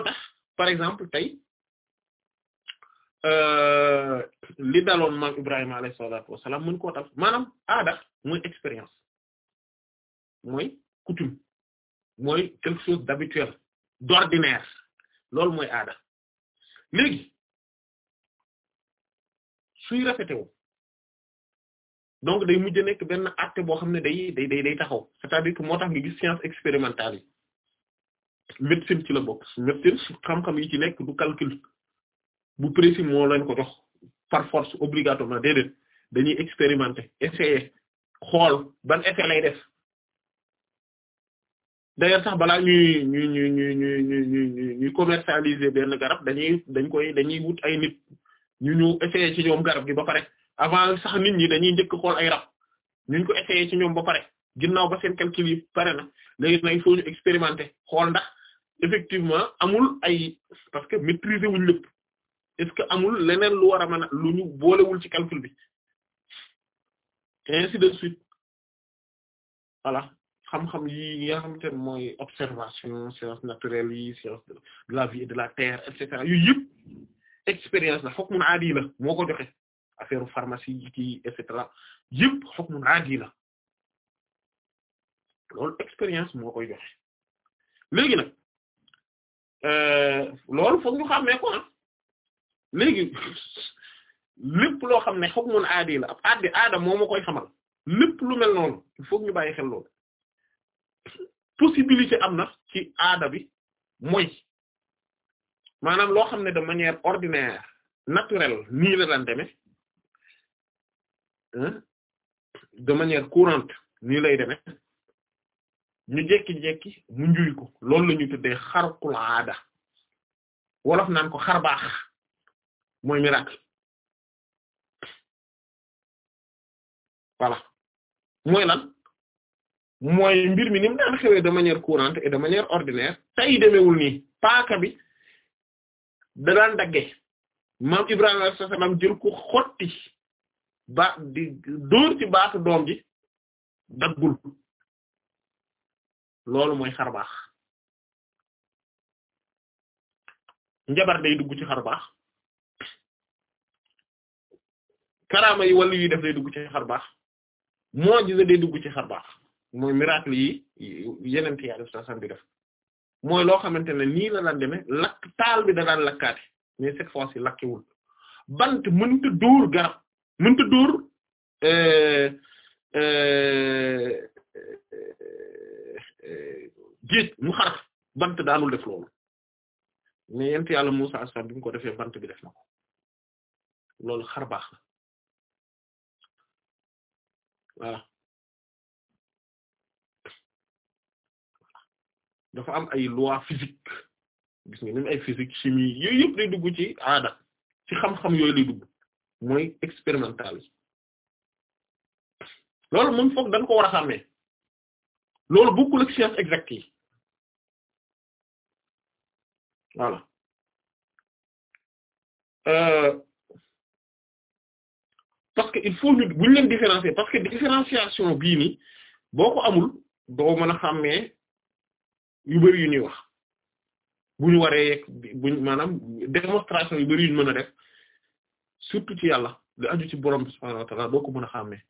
tax par exemple tey euh, li daloon maam Ibrahima alayhi wassalaam mën koo tax maanaam aada mooy expérience mooy coutume mooy quelque chose d'habituel d'ordinaire loolu mooy aada léegi suy rafetewu donc day mujj nekk benn acte boo xam ne day day day day taxaw cest dire que moo tax nga gis science expérimentale yi médecine ci la bokk médecine xam-xam yi ci nekk du calcul bu précis moo leen ko jox par force obligatoirement déedéet dañuy expérimenter essayer xool ban effet lay def d'ailleurs sax balaa ñu ñu ñu ñu ñu ñuy ñuy ñuy commercialiser benn garab dañuy dañ koy dañuy wut ay nit ñu ñu essayer ci ñoom garab gi ba pare avant sax nit ñi dañuy njëkk xool ay rab ñu ko essayer ci ñoom ba pare ginnaaw ba seen calcul yi pare na léegi nag il faut expérimenter xool ndax effectivement amul ay parce que maîtriser wuñ lépp est-ce que amul leneen lu war a mën a lu ñu boolewul ci calcul bi ainsi de suite voilà xam-xam yi nga xamante ne mooy observation sciences naturelles yi sciences de la vie de la terre et cetera yooyu expérience la hukmun aadi la moo ko joxe affaire pharmacie yi kii et cetera yëpp hukmun aadi expérience moo koy joxe léegi nag euh, loolu foog ñu xàmmee ko ah léegi lépp loo xam ne hukmun aadi la ab aadi aada koy xamal lépp lu mel noonu il faut ñu possibilité am na ci bi mooy maanaam loo xam ne de manière ordinaire naturelle nii la daan demee de manière courante nii lay deme ñu jekki-jekki mu njuy ko loolu ñu tuddee xarqul wolof naan ko xar baax mooy miracle voilà mooy lan mooy mbir mi ni mu daan xewee de manière courante et de manière ordinaire tey demewul nii paaka bi da daan dagge maam Ibrahima alayhi salaam jël ko xotti ba di ci baatu doom ji daggul loolu mooy xar baax njabar day dugg ci xar baax karaama yi wàllu yi def day dugg ci xar baax mujiza day dugg ci xar mooy miracle yi yeneen ci yàlla sàmm def mooy loo xamante ne nii la daan demee lakk taal bi da daan lakkaate mais cette fois ci lakkiwul bant mënta dóor garab mënta dóor euh, euh, euh, géej mu xaraf bant daanul def loolu mais yent yàlla Musa aslam bi ko defee bant bi na ko loolu xar baax dafa am ay loi physique gis nga ni ay physique chimie yooyu yëpp lay dugg ci aada ci xam-xam yooyu lay dugg mooy expérimental loolu moom foog dañ ko war a xàmmee loolu bokkul ak science exacte yi voilà euh, parce que il faut ñu bu ñu leen différencier parce que différenciation bii boo ko amul doo mën a xàmmee yu bari yu ñuy wax bu ñu waree yegg buñ maanaam démonstration yu bari yu ñu mën a def surtout ci yàlla lu aju ci borom subhaanahu wa ta'aala doo ko mën a xàmmee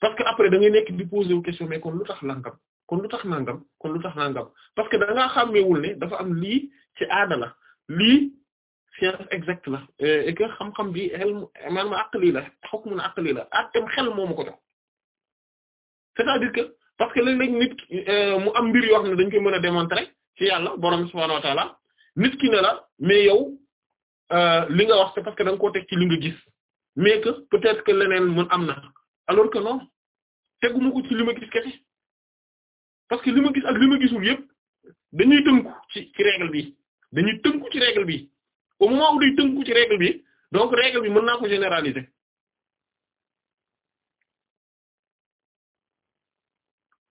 parce que après da nekk di poser wu question mais kon lu tax langam kon lu tax nangam kon parce que da ngaa xàmmeewul ne dafa am lii ci aada la lii science exacte la et que xam-xam bi xel maanaam aqli la hukmun aqli la atem xel moomu ko c'est-à-dire que. parce que léeg-léeg nit euh, mu am mbir yoo xam ne dañ koy mën a démontrer ci yàlla borom subhaanahu wa ta'ala nit ki ne la mais yow euh, li nga wax c'est parce que da nga koo teg ci li nga gis mais que peut-être que leneen mën am na alors que non teguma ko ci li ma gis kese parce que li ma gis ak li gisul yépp dañuy tënku ci ci bi dañuy tënku ci règle bi au moment où day tënku ci règle bi donc règle bi mën naa ko généraliser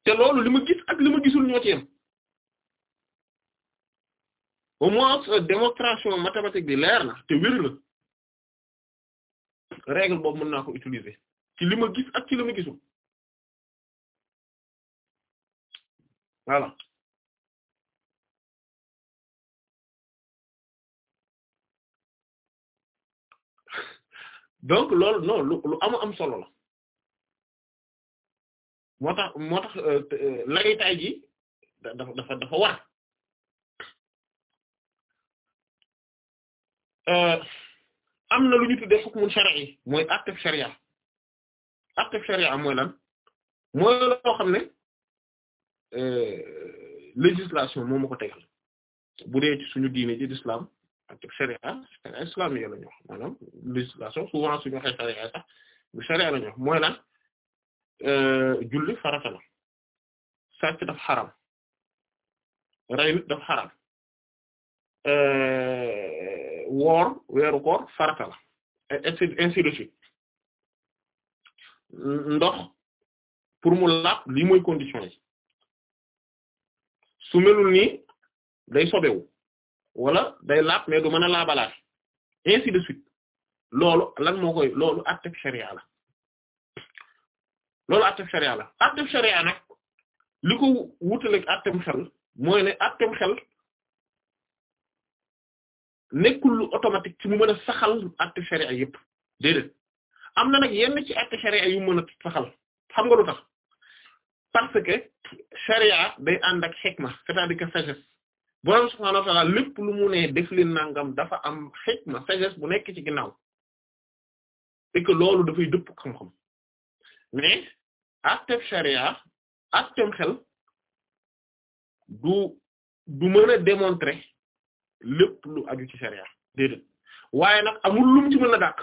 te loolu li ma gis ak li gisul ñoo au moins euh, démonstration mathématique bi leer na te wér na règle boobu mën naa ko utiliser ci li gis ak ci li gisul voilà donc loolu non lu lu am am solo la moo tax moo tax euh, euh, laytaay gi dafa dafa dafa war euh, am na lu ñu tuddee hukmun shar'i mooy acte sharia acte sharia mooy lan mooy loo xam ne législation moom ma ko tegal bu dee suñu diine ji l'islam acte sharia sharia islam yi la ñu maanaam législation souvent suñu waxee sharia sax sharia la ñu mooy lan Euh, julli farata la sàcc daf xaram rayut daf xaram euh, woor weeru farata la ainsi ainsi ndox pour mu laab lii mooy condition yi su melul nii day sobewu wala day laab mais du mën a laabalaat de suite loolu lan moo koy loolu atteg sharia la loolu atteb sharia la atteb sharia nag li ko wutaleeg attem xel mooy ne attem xel nekkul automatique ci mu mën a saxal atte sharia yëpp déedéet am na nag yenn ci atte sharia yu mën a saxal xam nga lu tax parce que sharia day ànd ak xikma c'est-à-dire que sagesse borom subhaanahu wa lépp lu mu ne def leen nangam dafa am xikma sagesse bu nekk ci ginnaaw et que loolu dafay dëpp xam-xam mais atteb charia atteb xel du du mën a démontrer lu aju ci charia déedéet waaye nag amul lum ci mën a dàq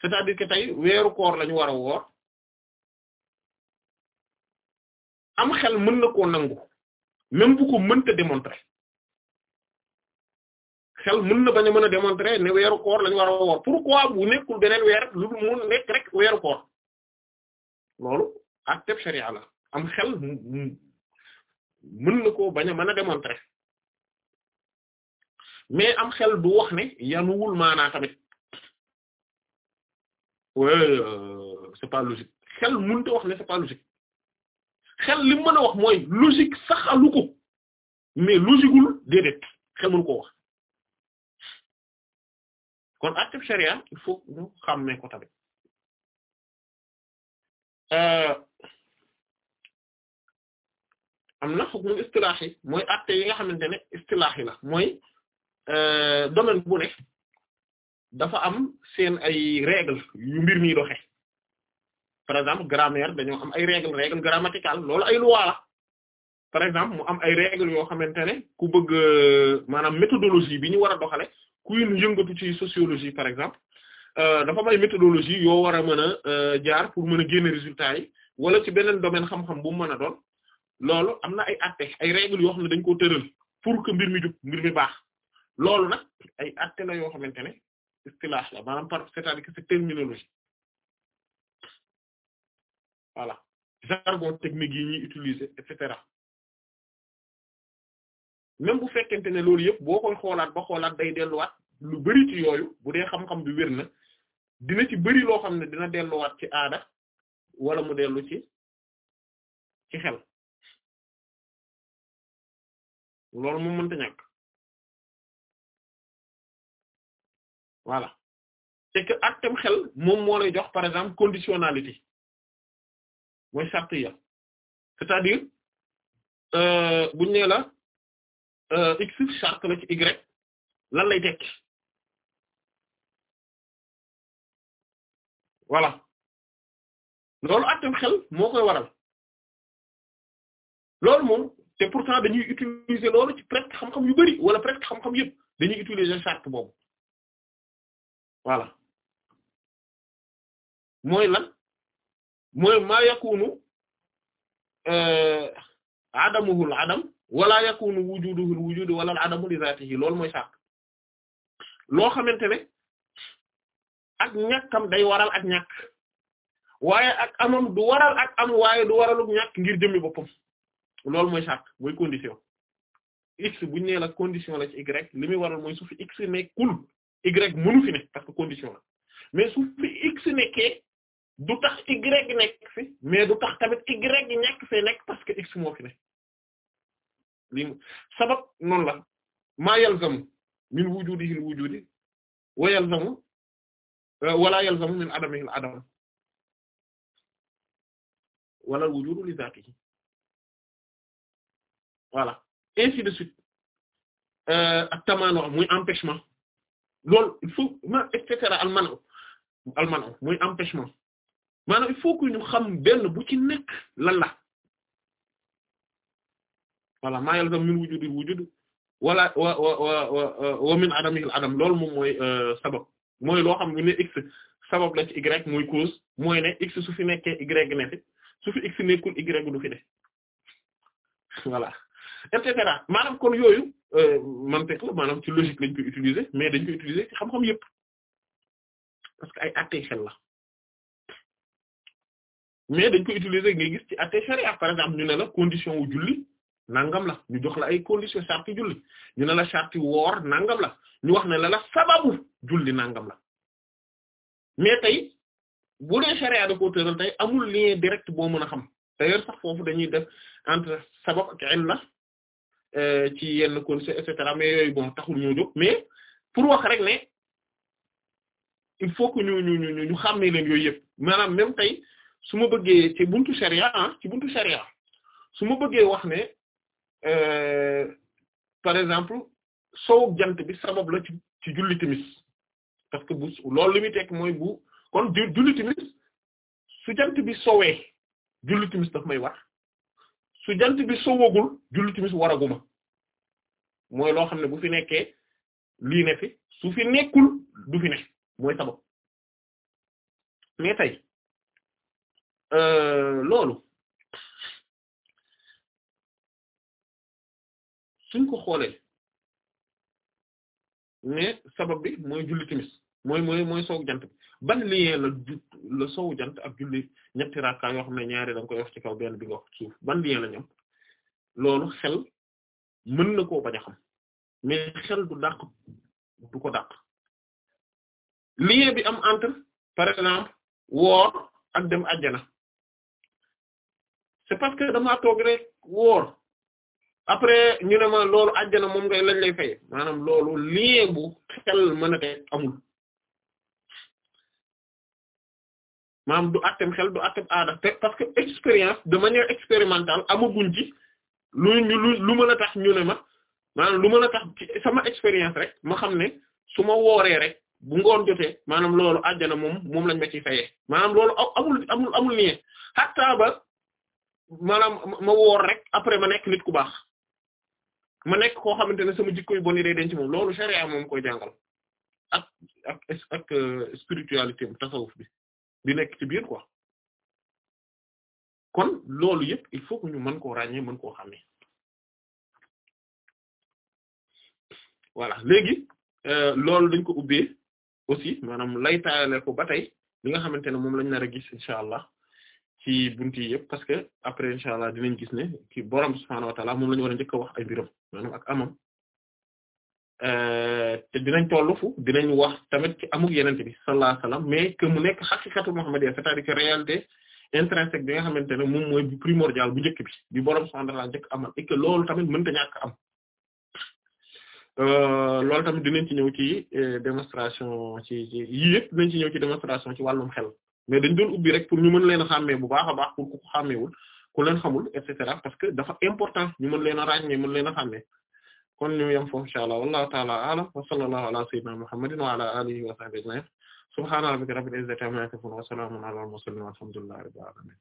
c'est-à-dire que tey weeru koor lañu war a woor am xel mën na koo nangu même bu ko mënta démontrer xel mën na bañ a mën a démontrer ne weeru koor lañu war a woor pourquoi bu nekkul beneen weer lu mu nekk rek weeru koor loolu atteb sharia la am xel mën na koo bañ a mën a démontrer mais am xel du wax ne yanuwul maanaa tamit oui euh, c'est pas logique xel mënta wax ne c'est pas logique xel li mën wax mooy logique sax alu ko mais logiqueul déedéet xel mënu koo wax kon atteb sharia il faut ñu xàmmee ko tamit Euh, am na xukmu istilaax yi mooy acte yi nga xamante ne istilaax yi la mooy euh, domaine bu ne dafa am seen ay règle yu mbir mi doxe par exemple grammaire dañoo am ay règle règle grammaticale loolu ay loi par exemple mu am ay règle yoo xamante ne ku bëgg maanaam méthodologie bi ñu war a doxale kuy yëngatu ci sociologie par exemple Euh, dafa am ay méthodologie yoo war a mën a euh, jaar pour mën a génne résultat yi wala ci beneen domaine xam-xam bu mu mën a doon loolu am na ay atte ay règles yoo xam ne dañ koo tëral pour que mbir mi jub mbir mi baax loolu nag ay atte la yoo xamante ne istilah la maanaam par cest terminologie voilà jargon technique yi ñuy utiliser et cetera même bu fekkente ne loolu yëpp boo koy xoolaat ba xoolaat day delluwaat lu bari ci yooyu bu dee xam-xam bi wér na dina ci bëri loo xam ne dina delluwaat ci aada wala mu dellu ci ci xel loolu moom mënta ñàkk voilà c'est que actem xel moom moo lay jox par exemple conditionnalité mooy sart ya cest euh, buñ ne la euh, x charte la ci y lan lay tekki voilà loolu àttam xel moo koy waral lool moom te pourtant dañuy utiliser loolu presque xam-xam yu bari wala presque xam-xam yëpp dañuy utiliser charte boobu voilà mooy lan mooy maa yakunu euh, adamuhul adam wala yakunu wujuduhul wujudu wala al adamu li zaatihi loolu mooy charte loo xamante ak ñàkkam day waral ak ñàkk waaye ak amam du waral ak am waaye du waraluk ñàkk ngir jëmmi boppam loolu mooy sàrt mooy condition x buñu condition la ci y li muy waral mooy su fi x nekkul y mënu fi parce que condition la mais su fi x nekkee du tax y nekk fi mais du tax tamit y ñàkk fee nekk parce que x moo sabab noonu la maa yalzamu min wujudihi wujudi wa yalzamu Euh, wala yalzamu min adamihi al-adam wala wujudu li dhatihi voilà ainsi de suite euh, ak tamaano muy empêchement loolu il faut ma et muy empêchement maanaam il faut que ñu xam benn bu ci nekk lan la voilà maa min wujudi al wala wa wa wa wa min adamihi al-adam loolu moom mooy euh, sabab. mooy loo xam ne x sabab la ci y mooy cause mooy ne x su fi nekkee y ne fi su fi x nekkul y du fi de voilà et cetera maanaam kon yooyu euh, mantiq la maanaam ci logique lañ koy utiliser mais dañ koy utiliser ci xam-xam yëpp parce que ay àttee xel la mais dañ koy utiliser ngay gis ci àttee charia par exemple ñu ne la condition wu julli nangam la ñu jox la ay condition sarti julli ñu na la sarti woor nangam la ñu wax ne la la sababu julli nangam la mais tey bu dee charia da koo tëral tey amul lien direct boo mën a xam d'ailleurs sax foofu dañuy def entre sabab ak illa euh, ci yenn conditions et cetera mais yooyu bon taxul ñoo jóg mais pour wax rek ne il faut que ñu ñu ñu ñu xàmmee leen yooyu yëpp maanaam même tey su ma bëggee ci buntu charia ah, ci buntu charia su ma bëggee wax ne Euh, par exemple sow jant bi sabab la ci julli timis parce que bu loolu li muy mooy bu kon julli timis su jant bi sowee julli timis daf may war su jant bi sowagul julli timis waraguma mooy loo xam ne bu fi nekkee lii fi su fi nekkul du fi ne mooy sabab mais tey euh, loolu suñ ko xoolee ne sabab bi mooy julli timis mooy mooy sow jant ban lien la sow jant ak julli ñetti rakka yoo xam ne ñaari da koy wax ci kaw benn bi nga ban lien a ñoom loolu xel mën na koo bañ a mais xel du dàq du ko dàq lien bi am entre par exemple woor ak dem àjjana c'est parce que damaa toog rek woor après ñu ne ma loolu àjjana moom ngay lañ lay fay maanaam loolu lien bu xel mën a teg amul maanaam du àttem xel du àttem aada te parce que expérience de manière expérimentale amaguñ ci lu ñu lu mën a tax ñu ne ma maanaam lu mën a tax ci sama expérience rek ma xam ne su ma wooree rek bu ngoon jotee maanaam loolu àjjana moom moom lañ ma ciy fayee maanaam loolu amul amul amul lien hatta ma woor rek après ma nekk nit ku baax ma nekk koo xamante ne sama jikko yu bon yi day denc moom loolu sharia moom koy jàngal ak ak ak euh, spiritualité am tasawuf bi di nekk biir quoi kon loolu yëpp il faut que ñu mën koo ràññee mën koo xamee voilà léegi euh, loolu dañ ko ubbee aussi maanaam laytaale ko ba tey li nga xamante ne moom lañ nar a gis incha allah ci buntu yi yëpp parce que après incha allah dinañ gis ne ki borom subhaanahu wa taala moom la ñu war a njëkk a wax ay mbiram maanaam ak amam euh, te dinañ tollu fu dinañ wax tamit ci amug yeneen bi sallallahu mu nekk xaqiqatu muhammadiyya c'est-à-dire réalité intrinsèque bi nga xamante ne moom mooy bu primordial bu njëkk bi bi borom subhaanahu wa taala njëkk amal et que loolu tamit mënta ñàkk am. Euh, loolu tamit dinañ ci ñëw ci euh, démonstration ci ci yii yëpp dinañ ci ñëw ci démonstration ci wàllum xel mais dañ doon ubbi rek pour ñu mën leen a xàmmee bu baax a baax pour ku ko xàmmeewul ku leen xamul et cetera parce que dafa important ñu mën leen a ràññee mën leen a xàmmee kon ñu yem foofu insha allah wallahu ta'ala a'lam wa sallallahu ala sayyidina muhammadin wa ala alihi wa sahbihi ajma'in subhana rabbika rabbil izzati amma yasifun wa salamun ala al mursalin walhamdulillahi rabbil alamin